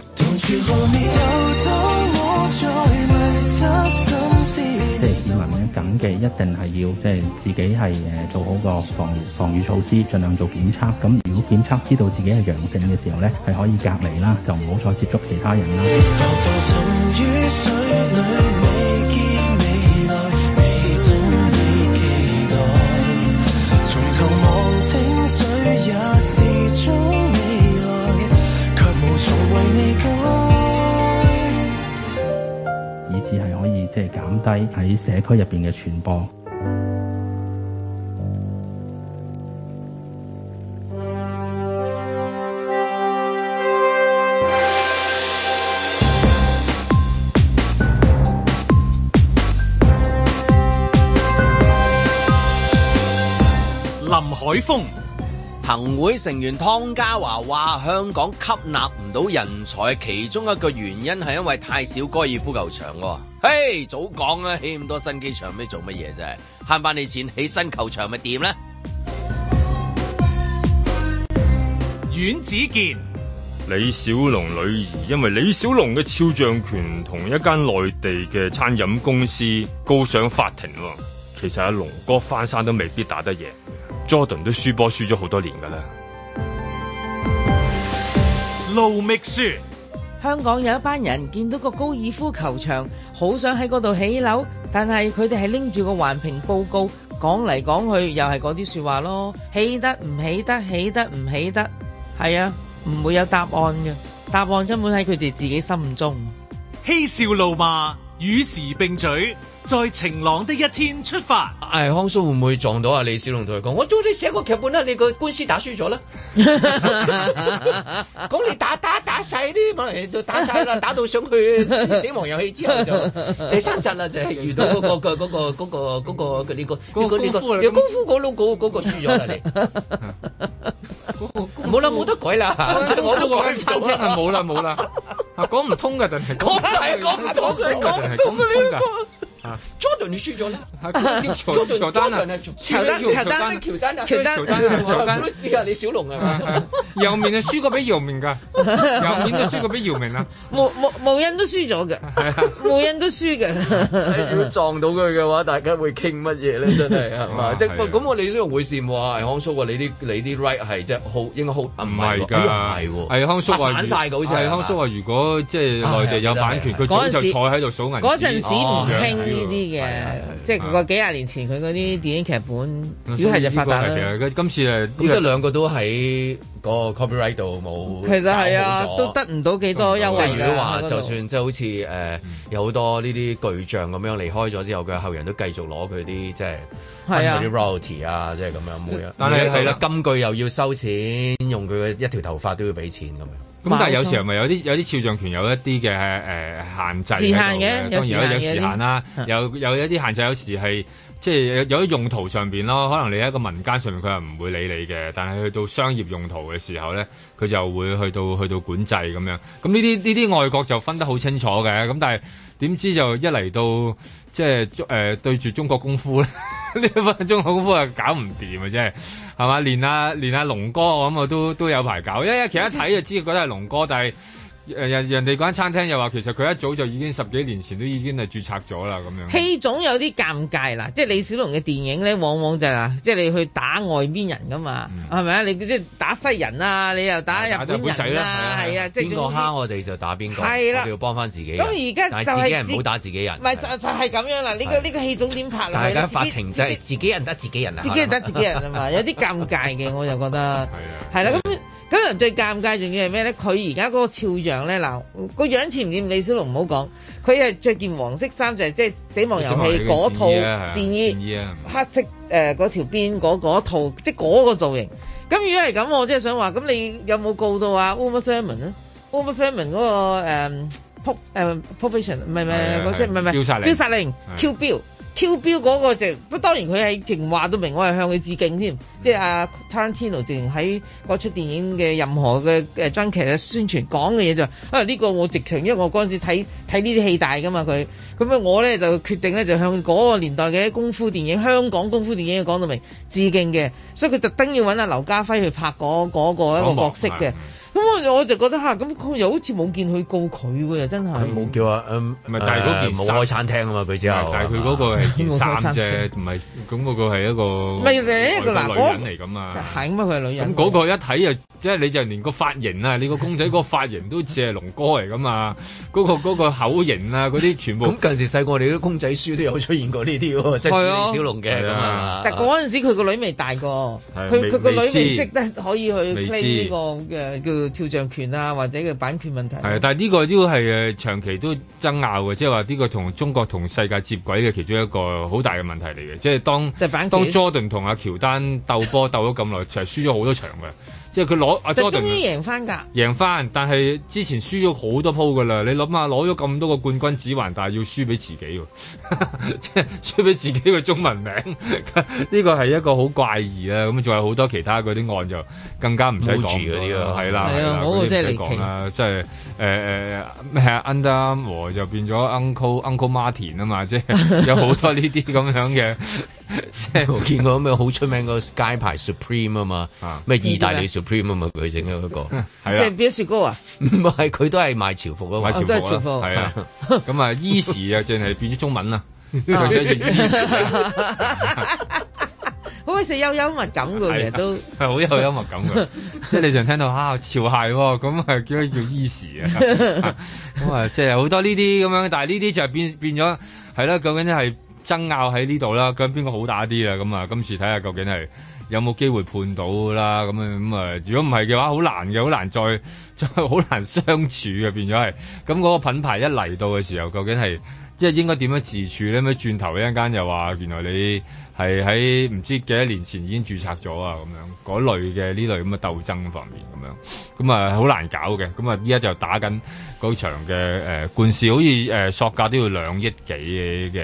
Hey, 謹記，一定係要即係、就是、自己係誒做好個防防禦措施，儘量做檢測。咁如果檢測知道自己係陽性嘅時候咧，係可以隔離啦，就唔好再接觸其他人啦。 [music] 即係減低喺社區入邊嘅傳播。林海峰。行會成員湯家驊話：香港吸納唔到人才，其中一個原因係因為太少高爾夫球場。嘿，早講啦，起咁多新機場咩做乜嘢啫？慳翻你錢，起新球場咪掂咧。阮子健，李小龍女兒因為李小龍嘅肖像權同一間內地嘅餐飲公司告上法庭。其實阿龍哥翻山都未必打得贏。Jordan 都輸波輸咗好多年噶啦。盧覓雪香港有一班人見到個高爾夫球場，好想喺嗰度起樓，但係佢哋係拎住個環評報告講嚟講去，又係嗰啲說話咯，起得唔起得，起得唔起得，係啊，唔會有答案嘅，答案根本喺佢哋自己心中。嬉笑怒罵，與時並舉。在晴朗的一天出發，唉，康叔會唔會撞到阿李小龍？同佢講，我早啲寫個劇本啦，你個官司打輸咗啦。咁你打打打晒啲，咪都打晒啦，打到上去死亡遊戲之後就第三集啦，就係遇到嗰個嗰個嗰個嗰個呢個，呢個有功夫嗰佬嗰嗰個輸咗啦，你冇啦，冇得改啦，我都改親啫，冇啦冇啦，講唔通噶，就係講就係講唔通噶。Jordan 佢輸咗啦，喬丹啊，喬丹啊，喬丹喬丹喬丹啊，loss 噶李小龍係嘛？姚明啊輸過俾姚明噶，姚明都輸過俾姚明啊，無無無人都輸咗嘅，無人都輸嘅。如果撞到佢嘅話，大家會傾乜嘢咧？真係係嘛？即咁，我李小龍會羨慕啊，康叔啊，你啲你啲 right 係即係好應該好唔係噶，唔係康叔啊，散晒噶好似，康叔啊，如果即係內地有版權，佢自己就坐喺度數銀嗰陣時唔傾。呢啲嘅，即係個幾廿年前佢嗰啲電影劇本，嗯、如果係就發達啦。今次誒，咁即係兩個都喺個 copyright 度冇，其實係啊，都得唔到幾多優惠。即係如果話，就算即係、嗯、好似誒、呃、有好多呢啲巨匠咁樣離開咗之後，佢後人都繼續攞佢啲即係，係是啊啲 royalty 啊，即係咁樣。但係係啦，一是啊、金句又要收錢，用佢嘅一條頭髮都要俾錢咁樣。咁但係有時係咪有啲有啲肖像權有一啲嘅誒限制。時限嘅，當然有時限有時限啦，有有，有，有，有一啲限制，有時係。即係有啲用途上邊咯，可能你喺個民間上面佢係唔會理你嘅，但係去到商業用途嘅時候咧，佢就會去到去到管制咁樣。咁呢啲呢啲外國就分得好清楚嘅。咁但係點知就一嚟到即係誒、呃、對住中國功夫咧，呢 [laughs] 一份中國功夫係搞唔掂嘅啫，係係嘛？連啊連啊龍哥我我，我咁啊都都有排搞，因為其實一睇就知，覺得係龍哥，但係。人哋嗰間餐廳又話，其實佢一早就已經十幾年前都已經係註冊咗啦，咁樣。戲種有啲尷尬啦，即係李小龍嘅電影咧，往往就係即係你去打外邊人噶嘛，係咪啊？你即係打西人啊，你又打日本仔啦，係啊，即係邊個蝦我哋就打邊個，係啦，要幫翻自己。咁而家就係唔好打自己人，唔就就係咁樣啦。呢個呢個戲種點拍落法庭就係自己人得自己人啊，自己得自己人啊嘛，有啲尷尬嘅，我就覺得係啊，係啦。咁咁樣最尷尬仲要係咩咧？佢而家嗰個肖像。嗱，個樣似唔似李小龍？唔好講，佢係着件黃色衫，就係即係《死亡遊戲》嗰套戰衣，戰衣黑色誒嗰、呃、條邊嗰、那、套、個，即係嗰個造型。咁如果係咁，我真係想話，咁你有冇告到啊？Uma Thurman 咧，Uma Thurman 嗰個 profession，唔係唔係嗰唔係唔係，標、呃呃、殺令，標的殺令的 Kill Bill。Q 標嗰、那個就，不當然佢係直話都明，我係向佢致敬添。Mm hmm. 即係阿、啊、Tarantino 直情喺嗰出電影嘅任何嘅誒真劇嘅宣傳講嘅嘢就是，啊呢、這個我直情，因為我嗰陣時睇睇呢啲戲大㗎嘛佢，咁樣、嗯、我呢就決定呢就向嗰個年代嘅功夫電影，香港功夫電影要講到明致敬嘅，所以佢特登要揾阿、啊、劉家輝去拍嗰、那、嗰、個那個一個角色嘅。咁我就覺得嚇，咁佢又好似冇見佢告佢喎，又真係冇叫啊，唔係但係嗰件冇開餐廳啊嘛，佢之後但係佢嗰個係件衫啫，唔係咁嗰個係一個唔係，個嗱我女人嚟咁啊，係咁啊，佢係女人。咁嗰個一睇又即係你就連個髮型啊，你個公仔個髮型都似係龍哥嚟噶嘛，嗰個口型啊，嗰啲全部咁近時細個我哋啲公仔書都有出現過呢啲喎，即係李小龍嘅，但係嗰陣時佢個女未大個，佢佢個女未識得可以去 p 嘅肖像權啊，或者嘅版權問題，係。但係呢個都係誒長期都爭拗嘅，即係話呢個同中國同世界接軌嘅其中一個好大嘅問題嚟嘅，即係當即係當 Jordan 同阿喬丹鬥波鬥咗咁耐， [laughs] 其實輸咗好多場嘅。即係佢攞，啊、Jordan，就終於贏翻㗎。贏翻，但係之前輸咗好多鋪噶啦。你諗下，攞咗咁多個冠軍指環，但係要輸俾自己， [laughs] 即係輸俾自己嘅中文名。呢 [laughs] 個係一個好怪異啦。咁仲有好多其他嗰啲案就更加唔使講嗰啲啦。係啦，即係你講啊，嗰個真係離奇啦。即係誒誒咩啊，Under Armour 就變咗 Uncle Uncle Martin 啊嘛。即係有好多呢啲咁樣嘅。即係我見過咩好出名嗰個街牌 Supreme 啊嘛，咩、啊、意大利、啊 Prem 佢整咗嗰個係啊，即係表雪糕啊，唔係佢都係賣潮服咯，賣潮服係 [music] [music] 啊。咁啊，Yeezy 啊，淨係變咗中文啦，好鬼死有幽默感嘅，其實 [music] 都係好有幽默感嘅。即係你仲聽到啊，潮鞋咁啊，叫叫 Yeezy 啊？咁啊，即係好多呢啲咁樣，但係呢啲就係變變咗係啦，究竟係爭拗喺呢度啦？究竟邊個好打啲啊？咁啊，今次睇下究竟係。有冇機會判到啦？咁啊咁啊！如果唔係嘅話，好難嘅，好難再再好難相處嘅，變咗係咁，嗰個品牌一嚟到嘅時候，究竟係即係應該點樣自處咧？咁樣轉頭一陣間又話原來你。係喺唔知幾多年前已經註冊咗啊，咁樣嗰類嘅呢類咁嘅鬥爭方面咁樣，咁啊好難搞嘅，咁啊依家就打緊嗰場嘅誒、呃、官司，好似誒、呃、索價都要兩億幾嘅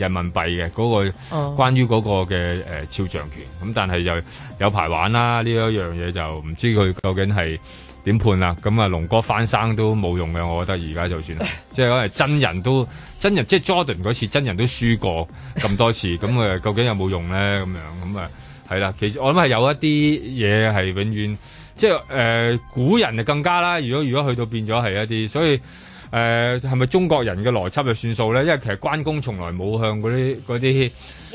人民幣嘅嗰個、嗯、關於嗰個嘅誒肖像權，咁、嗯、但係又有排玩啦，呢一樣嘢就唔知佢究竟係。點判啊？咁啊，龍哥翻生都冇用嘅，我覺得而家就算， [laughs] 即係講係真人都真人，即係 Jordan 嗰次真人都輸過咁多次，咁啊、 [laughs] 嗯，究竟有冇用咧？咁樣咁啊，係、嗯、啦、嗯。其實我諗係有一啲嘢係永遠，即係誒、呃、古人就更加啦。如果如果去到變咗係一啲，所以誒係咪中國人嘅邏輯就算數咧？因為其實關公從來冇向嗰啲嗰啲，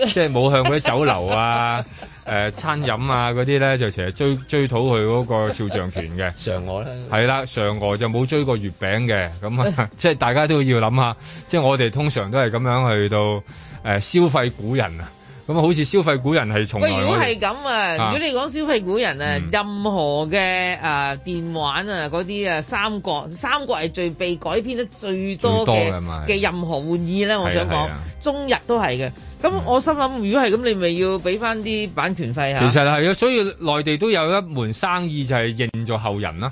即係冇向嗰啲酒樓啊。 [laughs] 誒、呃、餐飲啊嗰啲咧就成日追追討佢嗰個肖像權嘅，嫦娥咧係啦，嫦娥 [laughs] 就冇追過月餅嘅，咁啊即係大家都要諗下，即係我哋通常都係咁樣去到誒、呃消，嗯消，啊、消費古人啊，咁啊好似消費古人係從來。喂，如果係咁啊，如果你講消費古人啊，任何嘅啊電玩啊嗰啲啊《三國》，《三國》係最被改編得最多嘅嘅的任何玩意咧，我想講的的中日都係嘅。咁我心諗，如果係咁，你咪要俾翻啲版權費啊？其實係啊，所以內地都有一門生意就係認做後人啦、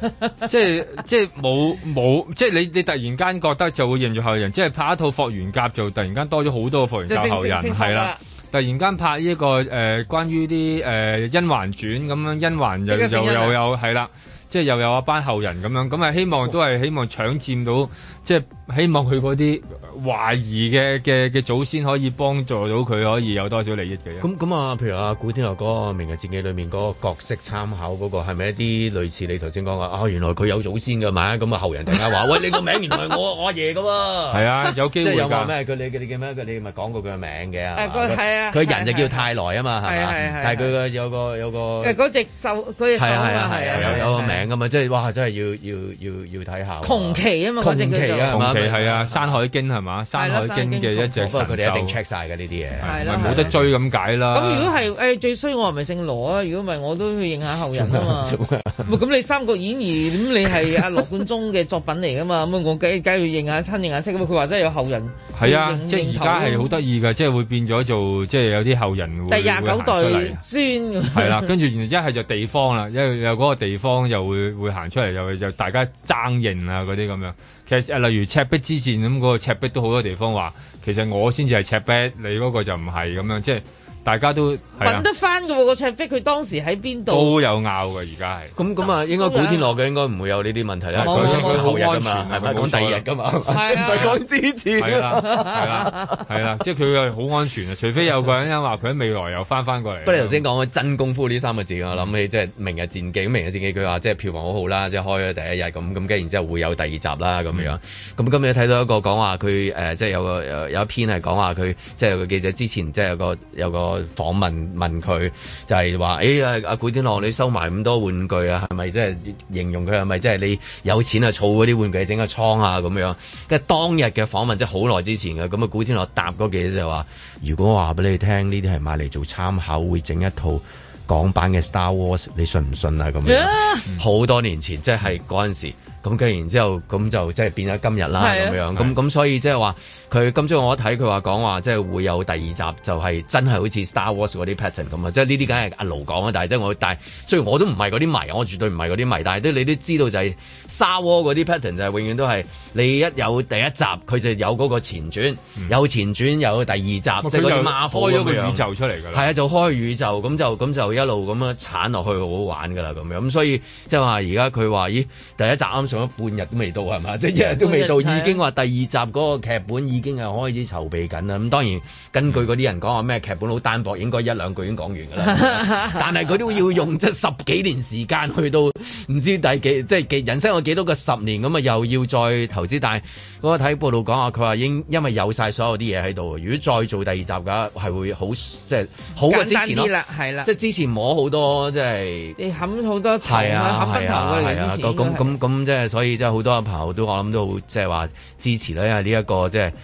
啊， [laughs] [laughs] 即係即係冇冇，即係你你突然間覺得就會認做後人，即係拍一套霍元甲就突然間多咗好多霍元甲後人，係啦，突然間拍、這個呃一呃、呢個誒關於啲誒甄嬛傳咁樣甄嬛又又有係啦，即係又有一班後人咁樣，咁係希望都係希望搶佔到。即係希望佢嗰啲懷疑嘅嘅嘅祖先可以幫助到佢，可以有多少利益嘅？咁咁啊，譬如啊古天樂嗰個《明日戰記》裏面嗰個角色參考嗰個，係咪一啲類似你頭先講話？哦，原來佢有祖先㗎嘛？咁啊，後人大家話：喂，你個名原來我我阿爺㗎喎！係啊，有機會有話咩？佢你叫咩？佢你咪講過佢嘅名嘅啊？係啊，佢人就叫泰來啊嘛，係啊。但係佢個有個有個。誒，嗰隻獸，啊，係啊，有有個名㗎嘛？即係哇！真係要要要要睇下。窮奇啊嘛，同期係啊，《山海經》係嘛，《山海經》嘅一隻神獸，佢哋一定 check 晒嘅呢啲嘢，係啦，冇得追咁解啦。咁如果係誒最衰，我係咪姓羅啊？如果唔係，我都去認下後人啊嘛。唔咁你《三國演義》咁，你係阿羅貫中嘅作品嚟噶嘛？咁我梗梗要認下親認下戚，佢話真係有後人係啊，即係而家係好得意嘅，即係會變咗做即係有啲後人會行第二十九代先係啦。跟住然之後係就地方啦，因為有嗰個地方又會會行出嚟，又又大家爭認啊嗰啲咁樣。其實例如赤壁之戰咁，嗰個赤壁都好多地方話，其實我先至係赤壁，你嗰個就唔係咁樣，即係。大家都揾得翻㗎喎，個卓飛，佢當時喺邊度都有拗㗎。而家係咁咁啊，應該古天樂嘅應該唔會有呢啲問題啦。佢佢好安全，係咪講第二日㗎嘛？係啊，唔係講之前，係啦係啦，即係佢係好安全啊！除非有個人話佢喺未來又翻翻過嚟。不過你頭先講緊真功夫呢三個字，我諗起即係明日戰記。明日戰記佢話即係票房好好啦，即係開咗第一日咁咁，跟然之後會有第二集啦咁樣。咁今日睇到一個講話佢誒，即係有個有一篇係講話佢即係有個記者之前即係有個有個。訪問問佢就係、是、話，誒、欸，阿、啊、古天樂你收埋咁多玩具啊，係咪即係形容佢係咪即係你有錢就啊，儲嗰啲玩具整個倉啊咁樣？跟當，當日嘅訪問即係好耐之前嘅，咁啊古天樂答嗰幾就話，如果我話俾你聽呢啲係買嚟做參考，會整一套港版嘅 Star Wars，你信唔信啊？咁樣好 Yeah. 多年前，mm. 即係嗰陣時，咁跟然之後咁就即係變咗今日啦，咁樣，咁咁所以即係話。佢今朝我睇佢話講話即係會有第二集，就係真係好似 Star Wars 嗰啲 pattern 咁啊！即係呢啲梗係阿盧講啊，但係即係我但係雖然我都唔係嗰啲迷，我絕對唔係嗰啲迷，但係都你都知道就係 Star Wars 嗰啲 pattern 就係永遠都係你一有第一集，佢就有嗰個前傳、嗯、有前傳有第二集，即係佢擘開咗個宇宙出嚟㗎啦。係啊，就開宇宙咁就咁就一路咁樣鏟落去，好好玩㗎啦咁樣。咁所以即係話而家佢話咦，第一集啱上咗半日都未到係嘛？即係一日都未到，未到天已經話第二集嗰個劇本已已經係開始籌備緊啦，咁當然根據嗰啲人講話咩劇本好單薄，應該一兩句已經講完噶啦。 [laughs] 但係佢都要用即十幾年時間去到唔知第幾，即係人生有幾多個十年咁啊，又要再投資。但係嗰個睇報道講話，佢話已因為有晒所有啲嘢喺度，如果再做第二集噶，係會好即係好過之前咯，係啦，即係之，之前摸好多，即係你冚好多頭啊，冚頭嘅嚟咁咁咁即係，所以即係好多朋友都我諗都即係話支持啦，因為呢、這、一個即係。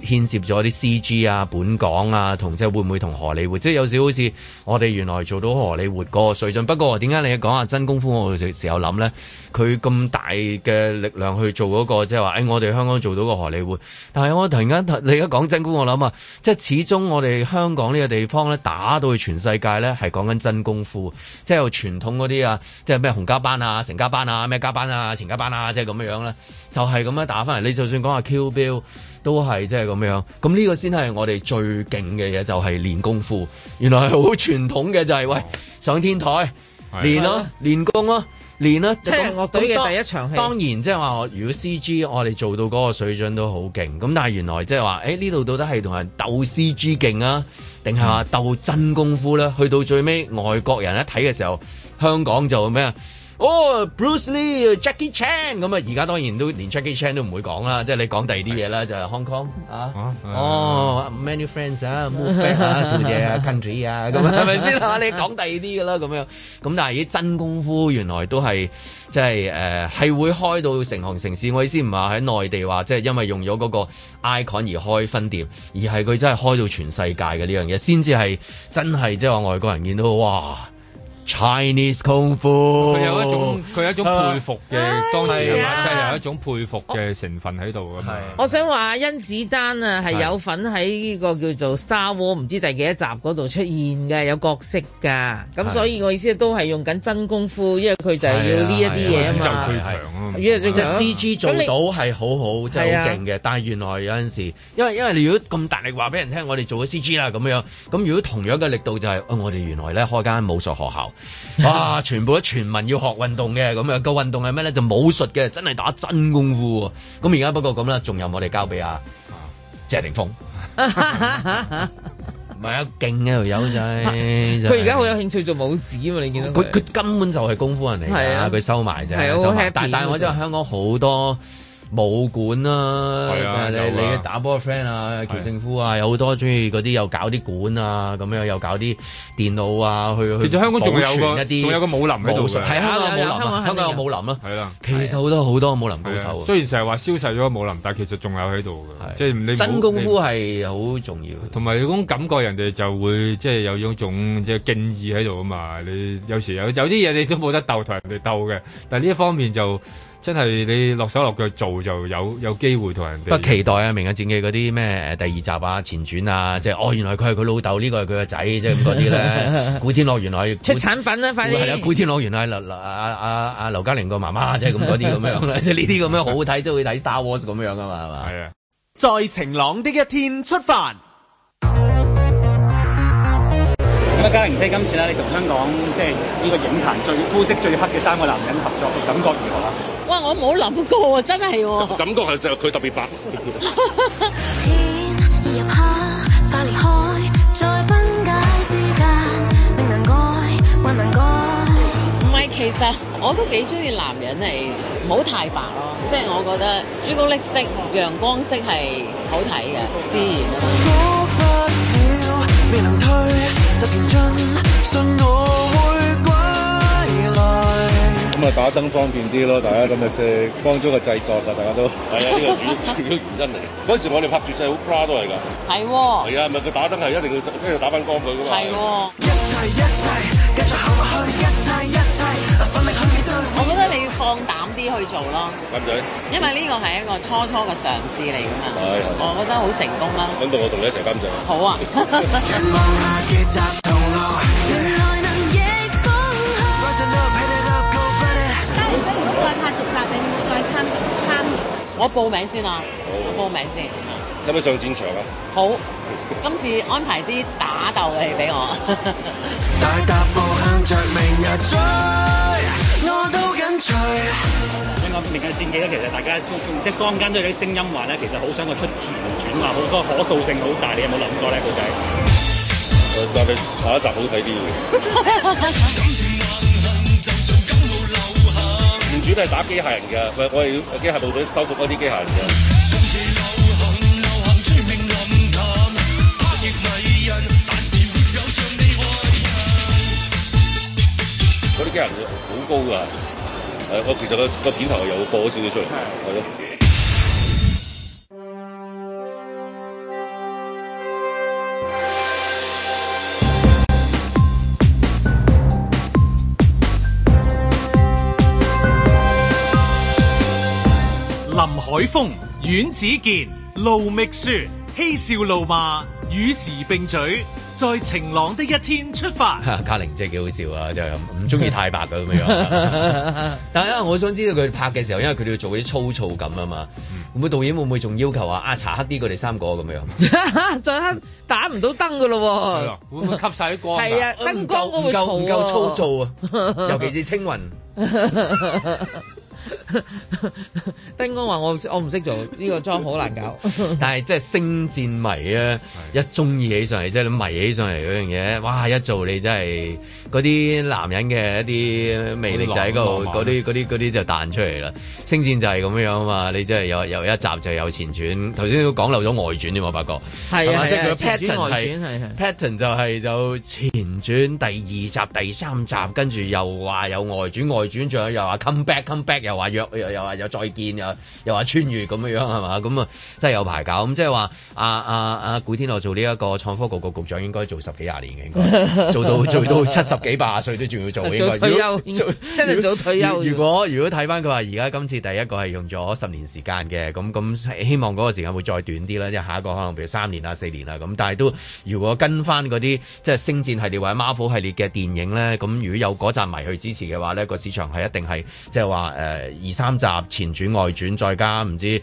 牽涉咗啲 CG 啊、本港啊，同即係會唔會同荷里活？即係有時好似我哋原來做到荷里活嗰個水準。不過點解你講下真功夫？我有時候諗咧，佢咁大嘅力量去做嗰、嗰個，即係話誒，我哋香港做到個荷里活。但係我突然間你而家講真功夫，我諗啊，即係始終我哋香港呢個地方咧，打到去全世界咧，係講緊真功夫，即係有傳統嗰啲啊，即係咩洪家班啊、成家班啊、咩家班啊、錢家班啊，即係咁樣樣咧，就係、係、咁樣打翻嚟。你就算講下 Q 標。都係即係咁樣，咁呢個先係我哋最勁嘅嘢，就係、是、練功夫。原來係好傳統嘅就係、是、喂上天台練咯，練功咯、啊，練咯、啊。即係樂隊嘅第一場戲，當然即係話如果 C G 我哋做到嗰個水準都好勁。咁但係原來即係話誒呢度到底係同人鬥 C G 勁啊，定係話鬥真功夫咧？去、嗯、到最尾外國人一睇嘅時候，香港就咩啊？哦，Bruce Lee、Jackie Chan 咁啊！而家當然都連 Jackie Chan 都唔會講啦，即係你講第二啲嘢啦，是就係 Hong Kong 啊，哦，Many Friends 啊嘢啊，Country 啊， [laughs] 咁啊，係咪先你講第二啲嘅啦，咁樣，咁但係啲真功夫原來都係即係誒，係會開到成行成市。我意思唔係話喺內地話，即係因為用咗嗰個 icon 而開分店，而係佢真係開到全世界嘅呢樣嘢，先至係真係即係話外國人見到哇！Chinese 功夫，佢有一種佢有一種佩服嘅當時係嘛，即係有一種佩服嘅成分喺度咁。我想話甄子丹啊，係有份喺呢個叫做《Star Wars》，唔知第幾一集嗰度出現嘅有角色㗎，咁所以我意思都係用緊真功夫，因為佢就係要呢一啲嘢啊嘛。宇宙最強啊嘛，因為 CG 做到係好好，真係好勁嘅。但係原來有陣時，因為因為你如果咁大力話俾人聽，我哋做咗 CG 啦咁樣，咁如果同樣嘅力度就係，我哋原來咧開間武術學校。哇！全部都全民要學運動嘅，咁啊，個運動係咩咧？就武術嘅，真係打真功夫。咁而家不過咁啦，仲有我哋交俾阿謝霆鋒，唔係啊，勁嘅條友仔。佢而家好有興趣做武指嘛？你見到佢，佢根本就係功夫人嚟噶，佢收埋啫。但但係我真係香港好多。武館啦，你嘅打波 friend 啊，喬勝夫啊，有好多中意嗰啲又搞啲館啊，咁樣又搞啲電腦啊，去其實香港仲有個，仲有個武林喺度嘅，係香港有武林，香港有武林咯。係啦，其實好多好多武林高手。雖然成日話消失咗個武林，但係其實仲有喺度嘅，即係你真功夫係好重要。同埋你嗰種感覺，人哋就會即係有種種即係敬意喺度啊嘛。你有時有有啲嘢你都冇得鬥，同人哋鬥嘅，但係呢一方面就。真係你落手落腳做就有有機會同人。不期待啊！明日戰記嗰啲咩第二集啊、前傳啊，即係哦，原來佢係佢老豆呢個係佢個仔，即係咁嗰啲咧。古天樂原來出產品啦，反正古天樂原來係阿阿阿劉嘉玲個媽媽，即係咁嗰啲咁樣即係呢啲咁樣好好睇，即係 [laughs] 會睇 Star Wars 咁樣噶嘛，係嘛？係啊！在晴朗的一天出發。咁嘉玲姐， [music] 今次啦，你同香港即係呢個影壇最膚色最黑嘅三個男人合作，感覺如何啊？哇！我冇諗過啊，真係喎、哦。感覺係就係佢特別白。天而入再分解之能能唔係，其實我都幾中意男人係唔好太白咯，即、就、係、是、我覺得朱古力色、陽光色係好睇嘅，自然。 [music] 咁啊打燈方便啲咯，大家咁啊食光中嘅製作啊，大家都係 [laughs] 啊呢、這個主要主要原因嚟。嗰時 [laughs] 我哋拍絕世好 Bra 都嚟噶，係喎。係啊，咪佢、啊、打燈係一定要跟住打翻光佢噶嘛。係喎。一切一齊，繼續下去。一切一切，奮力去面對。我覺得你要放膽啲去做咯，監製。因為呢個係一個初初嘅嘗試嚟噶嘛。係、啊。我覺得好成功啦、啊。等到我同你一齊，監製。好啊。 [laughs] [laughs] 再拍續集，你唔再參參？我報名先啊！我報名先、啊。有冇上戰場啊？好，今次安排啲打鬥戲俾我。 [laughs] 大踏步向着明日追，我都緊隨。應該點樣先？記得其實大家即係坊間都有啲聲音話咧，其實好想我出前傳話，好多可塑性好大。你有冇諗過咧，古仔？我覺得下一集好睇啲。 [laughs] 主都係打機械人嘅，我我係機械部隊，收復嗰啲機械人嘅。嗰啲機械人好高㗎，我其實個片頭有播少少出嚟，係咯。林海峰、阮子健、盧覓雪嬉笑怒罵，與時並舉。在晴朗的一天出發。嘉玲、啊、真係幾好笑啊！真係唔中意太白佢咁樣。 [laughs] 但係咧，因為我想知道佢哋拍嘅時候，因為佢哋要做啲粗糙感啊嘛。會唔會、嗯、導演會唔會仲要求啊？阿查黑啲佢哋三個咁樣。再黑打唔到燈噶咯。會唔會吸晒啲光？係 [laughs] 啊，燈光會唔夠粗糙啊， [laughs] 尤其是青雲。 [laughs] [laughs] 丁哥話我，我唔識做呢個妝好難搞，但係即係星戰迷咧，一中意起上嚟，即係你迷起上嚟嗰樣嘢，哇！一做你真係嗰啲男人嘅一啲魅力就喺嗰度，嗰啲嗰啲嗰啲就彈出嚟啦。星戰就係咁樣啊嘛，你真係有有一集就有前傳，頭先都講漏咗外傳添，我發覺係啊，即係 pattern 外傳 pattern 就係就前傳第二集、第三集，跟住又話有外傳，外傳仲有又話 come back，come back 又話約又又話又再見又又話穿越咁樣樣係嘛，咁啊，真係有排搞，咁即係話阿阿阿古天樂做呢一個創科局，局局長應該做十幾廿年嘅應該做到， [laughs] 做，到做到七十幾八十歲都仲要做應該退休真係早退休。如果 [laughs] [laughs] 如果睇翻佢話而家今次第一個係用咗十年時間嘅咁，咁希望嗰個時間會再短啲啦，即係下一個可能譬如三年啊四年啊咁，但係都如果跟翻嗰啲即係星戰系列或者 Marvel 系列嘅電影咧，咁如果有嗰陣迷去支持嘅話咧，個市場係一定係即係話誒。就是誒，二三集前傳、外傳，再加唔知誒誒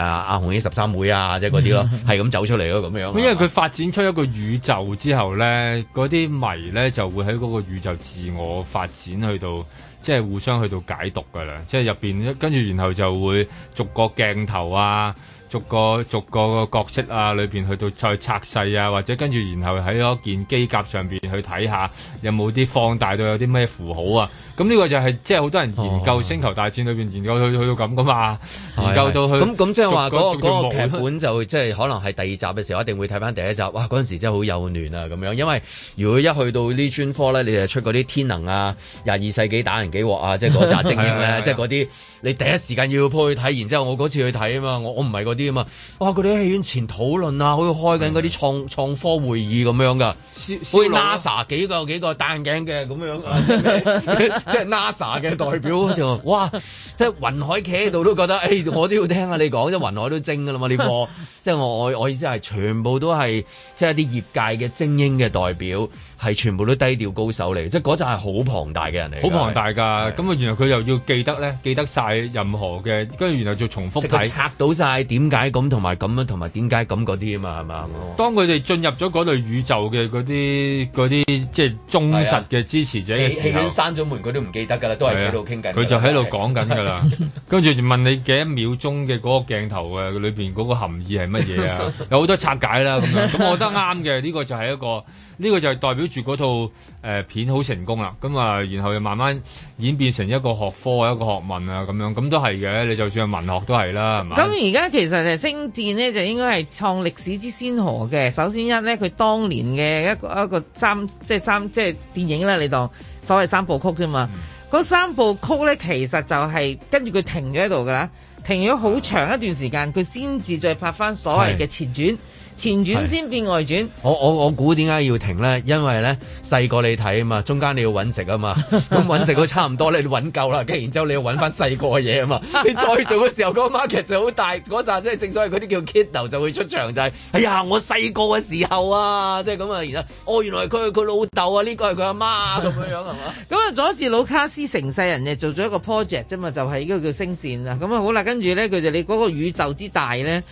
阿紅衣十三妹啊，即係嗰啲咯，係咁走出嚟咯，咁樣。因為佢發展出一個宇宙之後咧，嗰啲迷咧就會喺嗰個宇宙自我發展去到，即係互相去到解讀噶啦。即係入邊跟住，然後就會逐個鏡頭啊，逐個逐個個角色啊，裏邊去到再拆細啊，或者跟住然後喺嗰件機甲上邊去睇下，有冇啲放大到有啲咩符號啊？咁呢個就係即係好多人研究《星球大戰》裏邊研究去去到咁噶嘛，研究到去咁咁即係話嗰個劇本就即係可能係第二集嘅時候一定會睇返第一集，哇！嗰陣時真係好幼嫩啊咁樣，因為如果一去到呢專科咧，你就出嗰啲天能啊、廿二世紀打人幾鑊啊，即係嗰紮精英咧，即係嗰啲你第一時間要去睇，然之後我嗰次去睇啊嘛，我我唔係嗰啲啊嘛，哇！嗰啲戲院前討論啊，好似開緊嗰啲創創科會議咁樣噶，好似 NASA 幾個幾個戴眼鏡嘅咁樣。即係 NASA 嘅代表就哇，即係雲海企喺度都覺得，哎、欸，我都要聽下、啊、你講，即係雲海都精㗎喇嘛，呢 [laughs] 我即係我我我意思係全部都係即係一啲業界嘅精英嘅代表。係全部都低調高手嚟，即係嗰陣係好龐大嘅人嚟，好龐大㗎。咁啊是，嗯、原來佢又要記得咧，記得晒任何嘅，跟住原來就重複睇拆到晒點解咁同埋咁樣，同埋點解咁嗰啲啊嘛，係嘛？嗯、當佢哋進入咗嗰類宇宙嘅嗰啲嗰啲即係忠實嘅支持者嘅時候，閂咗、啊、門佢都唔記得㗎啦，都係喺度傾偈。佢、啊、就喺度講緊㗎啦，跟住是是問你幾一秒鐘嘅嗰個鏡頭嘅裏邊嗰個含義係乜嘢啊？ [laughs] 有好多拆解啦咁樣，咁 [laughs] 我覺得啱嘅，呢、這個就係一個。呢個就係代表住嗰套誒、呃、片好成功啦，咁啊，然後又慢慢演變成一個學科一個學問啊，咁樣咁都係嘅，你就算係文學都係啦，係嘛？咁而家其實《星戰》呢，就應該係創歷史之先河嘅。首先一呢，佢當年嘅一個一個三即係三即係電影咧，你當所謂三部曲啫嘛。嗰、嗯、三部曲呢，其實就係跟住佢停咗喺度㗎，停咗好長一段時間，佢先至再拍翻所謂嘅前傳。前轉先是變外轉。我我我估點解要停咧？因為咧細個你睇啊嘛，中間你要揾食啊嘛，咁揾、 [laughs] 嗯、食都差唔多你揾夠啦，跟住然之後你要揾翻細個嘅嘢啊嘛， [laughs] 你再做嘅時候嗰、那個 market 就好大嗰陣，即係、就是、正所謂嗰啲叫 kilo 就會出場就係、是，哎呀我細個嘅時候啊，即係咁啊，然後哦原來佢佢老豆啊，呢個係佢阿媽咁 [laughs] 樣樣係嘛？咁啊 [laughs] 佐治魯卡斯成世人誒做咗一個 project 啫嘛，就係呢個叫星戰啊，咁啊好啦，跟住咧佢就你嗰個宇宙之大咧。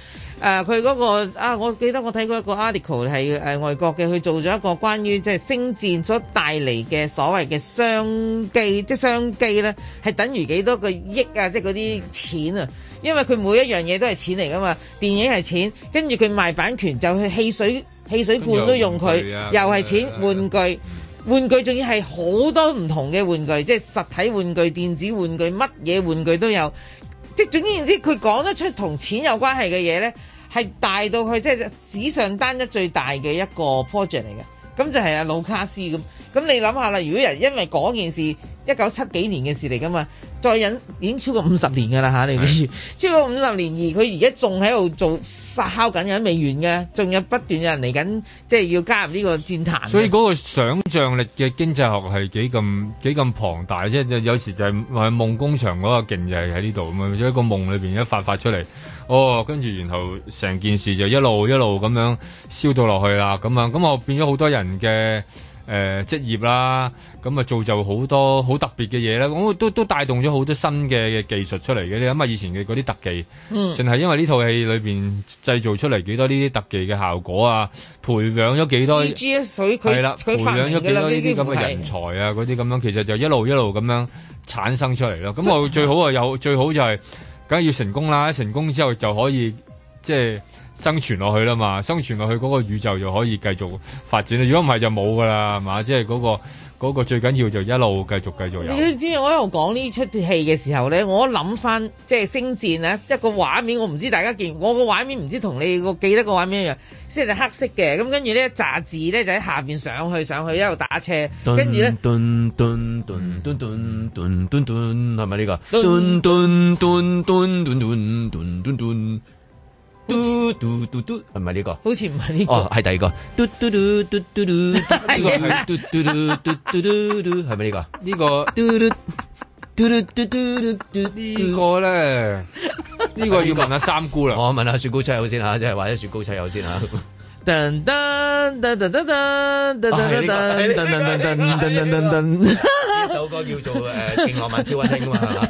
誒佢嗰個啊，我記得我睇過一個 article 係誒、呃、外國嘅，佢做咗一個關於即係星戰所帶嚟嘅所謂嘅商機，即係商機呢，係等於幾多個億啊！即係嗰啲錢啊，因為佢每一樣嘢都係錢嚟噶嘛，電影係錢，跟住佢賣版權就去汽水、汽水罐都用佢，又係、啊、錢。玩具、玩具仲要係好多唔同嘅玩具，即係實體玩具、電子玩具、乜嘢玩具都有。即係總言之，佢講得出同錢有關係嘅嘢呢。係大到佢，即、就、係、是、史上單一最大嘅一個 project 嚟嘅，咁就係阿魯卡斯咁。咁你諗下啦，如果人因為嗰件事，一九七幾年嘅事嚟噶嘛，再忍已經超過五十年噶啦吓，你諗住、嗯、超過五十年而佢而家仲喺度做發酵緊，而家未完嘅，仲有不斷有人嚟緊，即係要加入呢個戰壇。所以嗰個想像力嘅經濟學係幾咁幾咁龐大啫，就有時就係、話、夢工場嗰個勁就係喺呢度咁樣，一個夢裏邊一發發出嚟，哦，跟住然後成件事就一路一路咁樣燒到落去啦，咁樣咁我變咗好多人嘅。誒、呃、職業啦，咁啊造就好多好特別嘅嘢啦。咁都都帶動咗好多新嘅嘅技術出嚟嘅，你諗下以前嘅嗰啲特技，嗯，淨係因為呢套戲裏邊製造出嚟幾多呢啲特技嘅效果啊，培養咗幾多係啦，培養咗幾多呢啲咁嘅人才啊，嗰啲咁樣其實就一路一路咁樣產生出嚟咯。咁、嗯、是我最好啊有最好就係梗係要成功啦，成功之後就可以即係。生存落去啦嘛，生存落去嗰個宇宙就可以繼續發展啦。如果唔係就冇噶啦，係嘛？即係嗰個嗰個最緊要就一路繼續繼續有。你知我喺度講呢出戲嘅時候咧，我諗翻即係星戰咧一個畫面，我唔知大家見我個畫面唔知同你個記得個畫面一樣，即係黑色嘅。咁跟住咧雜誌咧就喺下邊上去上去一路打斜，跟住咧。嘟嘟嘟嘟，係咪呢個？好似唔係呢個，哦係第二個，嘟嘟嘟嘟嘟嘟，係呢個，嘟嘟嘟嘟嘟嘟，係咪呢個？呢個嘟嘟嘟嘟嘟嘟，嘟，呢個咧，呢個要問下三姑啦，我問下雪糕七友先吓，即係或者雪糕七友先吓，噔噔噔噔噔噔噔噔噔噔噔噔噔噔。呢首歌叫做誒，勁浪漫超溫馨嘛，係嘛。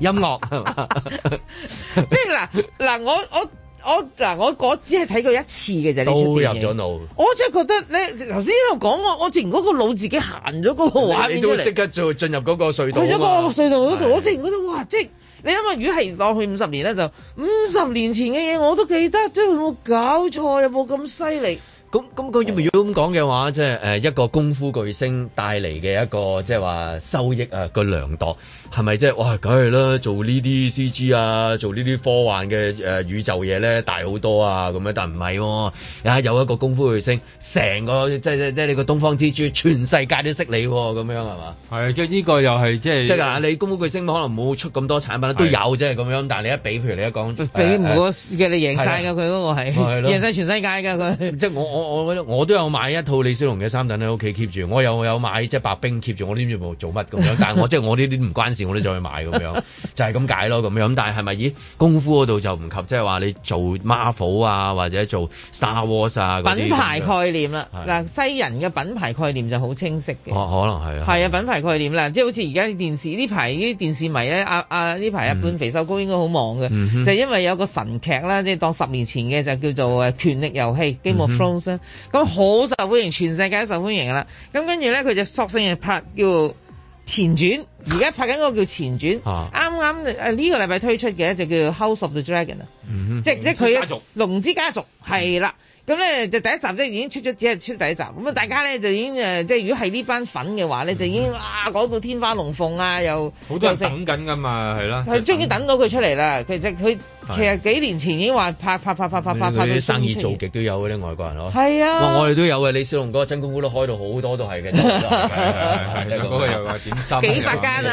音樂， [laughs] 即係嗱嗱我我我嗱我我只係睇過一次嘅咋呢出電影。了腦我真係覺得咧，頭先一路講我我淨係嗰個腦自己行咗嗰個畫面，即刻就會進入嗰個隧道，去咗個隧道嗰度，是的 我淨係覺得哇，即係你諗下，如果係落去五十年咧，就五十年前嘅嘢我都記得，即係冇搞錯，有冇咁犀利？咁咁佢要唔要咁講嘅話，即係誒一個功夫巨星帶嚟嘅一個即係話收益啊個量度係咪即係哇？梗係啦，做呢啲 CG 啊，做呢啲科幻嘅誒、呃、宇宙嘢咧大好多啊咁樣，但唔係喎？有一個功夫巨星，成個即係即即係你個東方之珠，全世界都識你喎、哦，咁樣係嘛？係、這個，即係呢個又係即係即係你功夫巨星可能冇出咁多產品，是的 都有啫咁樣。但係你一比，譬如你一講，比唔過嘅你贏晒嘅佢嗰個係贏晒全世界嘅佢。即係我。我我都有買一套李小龍嘅衫等喺屋企 keep 住，我又有，有買即係白兵 keep 住，我諗住做乜咁樣。但係我， [laughs] 我即係我呢啲唔關事，我都再去買咁樣，就係、是、咁解咯咁樣。但係係咪咦功夫嗰度就唔及即係話你做 Marvel 啊或者做 Star Wars 啊、嗯、些品牌概念啦嗱是、啊、西人嘅品牌概念就好清晰嘅、啊，可能係啊，係啊品牌概念啦，即係好似而家啲電視呢排啲電視迷咧，啊阿呢排一般肥瘦高應該好忙嘅，嗯嗯、就因為有個神劇啦，即係當十年前嘅就叫做誒《權力遊戲、嗯哼嗯咁好受歡迎，全世界都受歡迎㗎喇。咁跟住咧，佢就索性就拍叫前傳，而家拍緊嗰個叫前傳，啱啱誒呢個禮拜推出嘅就叫 House of the Dragon 啊、嗯哼，即即佢龍之家族係啦。的咁咧就第一集即係已經出咗，只係出第一集。咁啊大家咧、嗯、就已經誒，即係如果係呢班粉嘅話咧，就已經啊講到天花龍鳳啊，又好多人等緊㗎嘛，係啦。佢終於等到佢出嚟啦。其實佢其實幾年前已經話拍拍拍拍拍拍拍啲生意做極都有嗰啲外國人咯。係啊的，我哋都有嘅。李小龍嗰個真功夫都開到好多都係嘅。係係係，即係嗰個又話點？幾百間啊，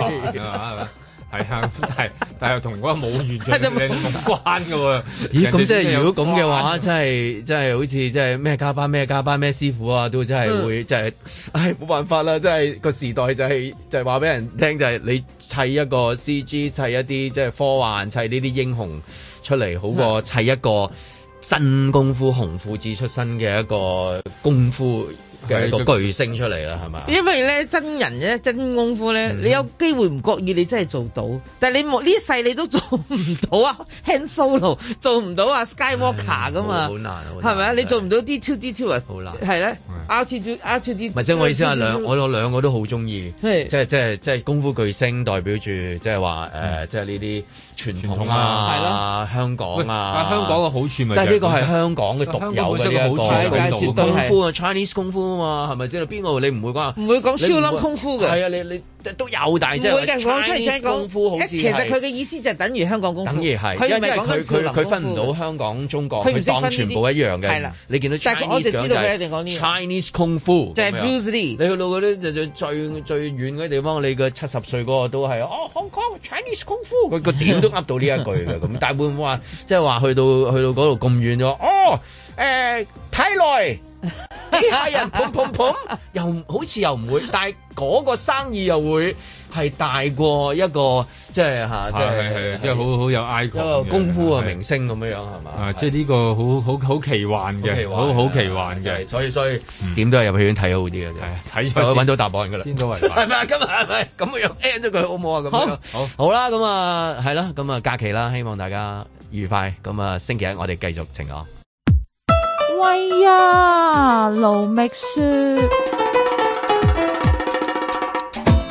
有 [laughs] 幾百間啊。 [laughs] 係啊， [laughs] 但係但係又同嗰個冇完全冇關嘅喎。咦？咁即係如果咁嘅話，即係即係好似即係咩加班咩加班咩師傅啊，都真係會即係唉冇辦法啦！即係個時代就係就係話俾人聽，就係、是就是就是、你砌一個 CG 砌一啲即係科幻砌呢啲英雄出嚟，好過砌一個真功夫紅褲子出身嘅一個功夫。嘅一個巨星出嚟啦，係嘛？因為咧真人咧真功夫咧，你有機會唔覺意你真係做到，但係你冇呢世你都做唔到啊！Han Solo 做唔到啊！Skywalker 咁嘛，好難，係咪啊？你做唔到 D2 D2 啊，好難，係咧 R2 D R2 D，唔係即係我意思啊！兩我有兩個都好中意，即係即係即係功夫巨星，代表住即係話誒，即係呢啲。傳統啊，香港啊，喂香港嘅好處咪即係呢個係香港嘅獨有嘅呢一個功夫啊，Chinese 功夫啊嘛，係咪先？邊個你唔會講？唔會講少林功夫嘅？係啊，你你。都有，但係即係我覺得功夫好，其實佢嘅意思就等於香港功夫，佢唔係講緊佢佢分唔到香港中國，佢唔識分呢啲。係啦，你見到，但係我就知道佢一定講啲。Chinese 功夫就係 use 啲。你去到嗰啲最最最遠嗰啲地方，你個七十歲嗰個都係哦，Hong Kong Chinese 功夫，佢個點都噏到呢一句嘅咁。大部分話即係話去到去到嗰度咁遠咗，哦誒 t h 啲客人捧捧捧，又好似又唔會，但係嗰個生意又會係大過一個，即係吓，係係係，即係好好有愛國，一個功夫啊明星咁樣樣係嘛，即係呢個好好好奇幻嘅，好好奇幻嘅，所以所以點都係入戲院睇好啲嘅，係睇再搵到答案噶啦，先都係，係咪啊？今日係咪咁樣 end 咗佢好唔好啊？咁好好啦，咁啊係啦，咁啊假期啦，希望大家愉快，咁啊星期一我哋繼續請我。哎呀，盧覓雪，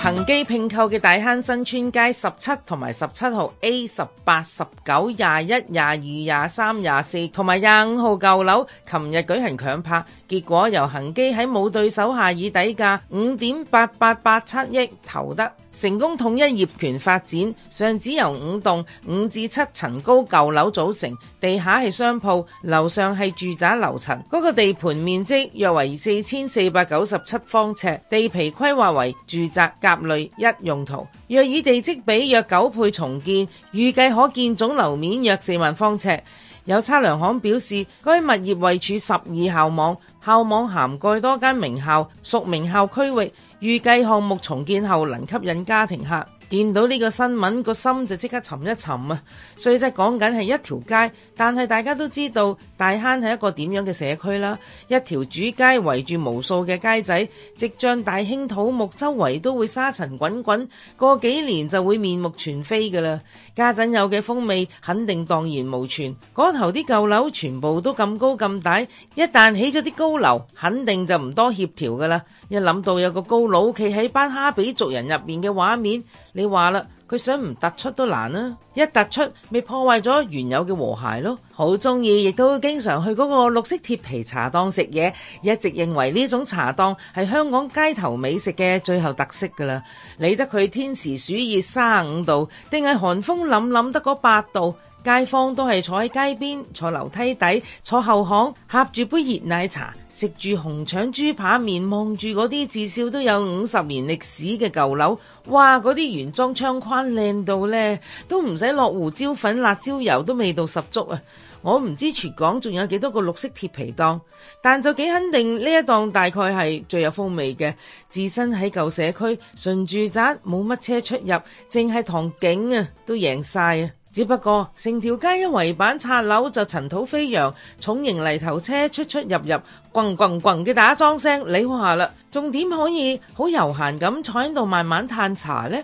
恒基拼購嘅大坑新村街十七同埋十七號 A 十八十九廿一廿二廿三廿四同埋廿五號舊樓，琴日舉行強拍，結果由恒基喺冇對手下以底價五點八八八七億投得。成功統一業權發展，上址由五棟五至七層高舊樓組成，地下係商鋪，樓上係住宅樓層。嗰個地盤面積約為四千四百九十七方尺，地皮規劃為住宅甲類一用途。若以地積比約九倍重建，預計可建總樓面約四萬方尺。有測量行表示，該物業位處十二校網，校網涵蓋多間名校，屬名校區域。預計項目重建後能吸引家庭客，見到呢個新聞個心就即刻沉一沉啊！雖則講緊係一條街，但係大家都知道大坑係一個點樣嘅社區啦。一條主街圍住無數嘅街仔，即將大興土木，周圍都會沙塵滾滾，過幾年就會面目全非㗎喇。家陣有嘅風味肯定蕩然無存，嗰頭啲舊樓全部都咁高咁大，一旦起咗啲高樓，肯定就唔多協調㗎喇。一諗到有個高佬企喺班哈比族人入面嘅畫面，你話啦～佢想唔突出都難啊。一突出咪破壞咗原有嘅和諧咯。好鍾意，亦都經常去嗰個綠色鐵皮茶檔食嘢，一直認為呢種茶檔係香港街頭美食嘅最後特色㗎啦。理得佢天時暑熱卅五度，定係寒風冧冧得嗰八度。街坊都係坐喺街邊，坐樓梯底，坐後巷，呷住杯熱奶茶，食住紅腸豬扒麵，望住嗰啲至少都有五十年歷史嘅舊樓，哇！嗰啲原裝窗框靚到呢，都唔使落胡椒粉、辣椒油，都味道十足啊！我唔知全港仲有幾多個綠色鐵皮檔，但就幾肯定呢一檔大概係最有風味嘅。置身喺舊社區，純住宅，冇乜車出入，淨係唐景啊，都贏曬啊！只不過成條街一圍板拆樓就塵土飛揚，重型泥頭車出出入入，棍棍棍嘅打樁聲，你好下啦，仲點可以好悠閒咁坐喺度慢慢嘆茶呢？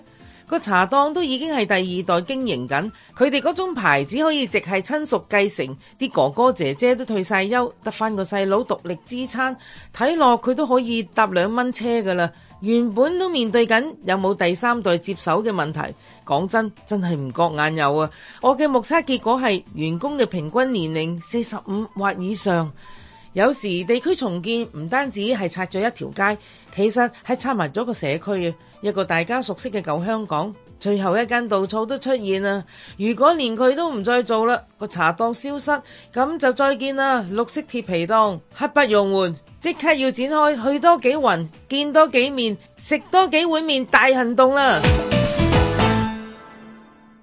個茶檔都已經係第二代經營緊，佢哋嗰種牌子可以直系親屬繼承，啲哥哥姐姐都退晒休，得返個細佬獨力支撐，睇落佢都可以搭兩蚊車噶啦。原本都面對緊有冇第三代接手嘅問題，講真真係唔覺眼有啊！我嘅目測結果係員工嘅平均年齡四十五或以上。有時地區重建唔單止係拆咗一條街，其實係拆埋咗個社區啊！一個大家熟悉嘅舊香港，最後一間稻草都出現啊！如果連佢都唔再做啦，個茶檔消失，咁就再見啦！綠色鐵皮檔，刻不容緩。即刻要展開，去多幾雲，見多幾面，食多幾碗麵，大行動啦！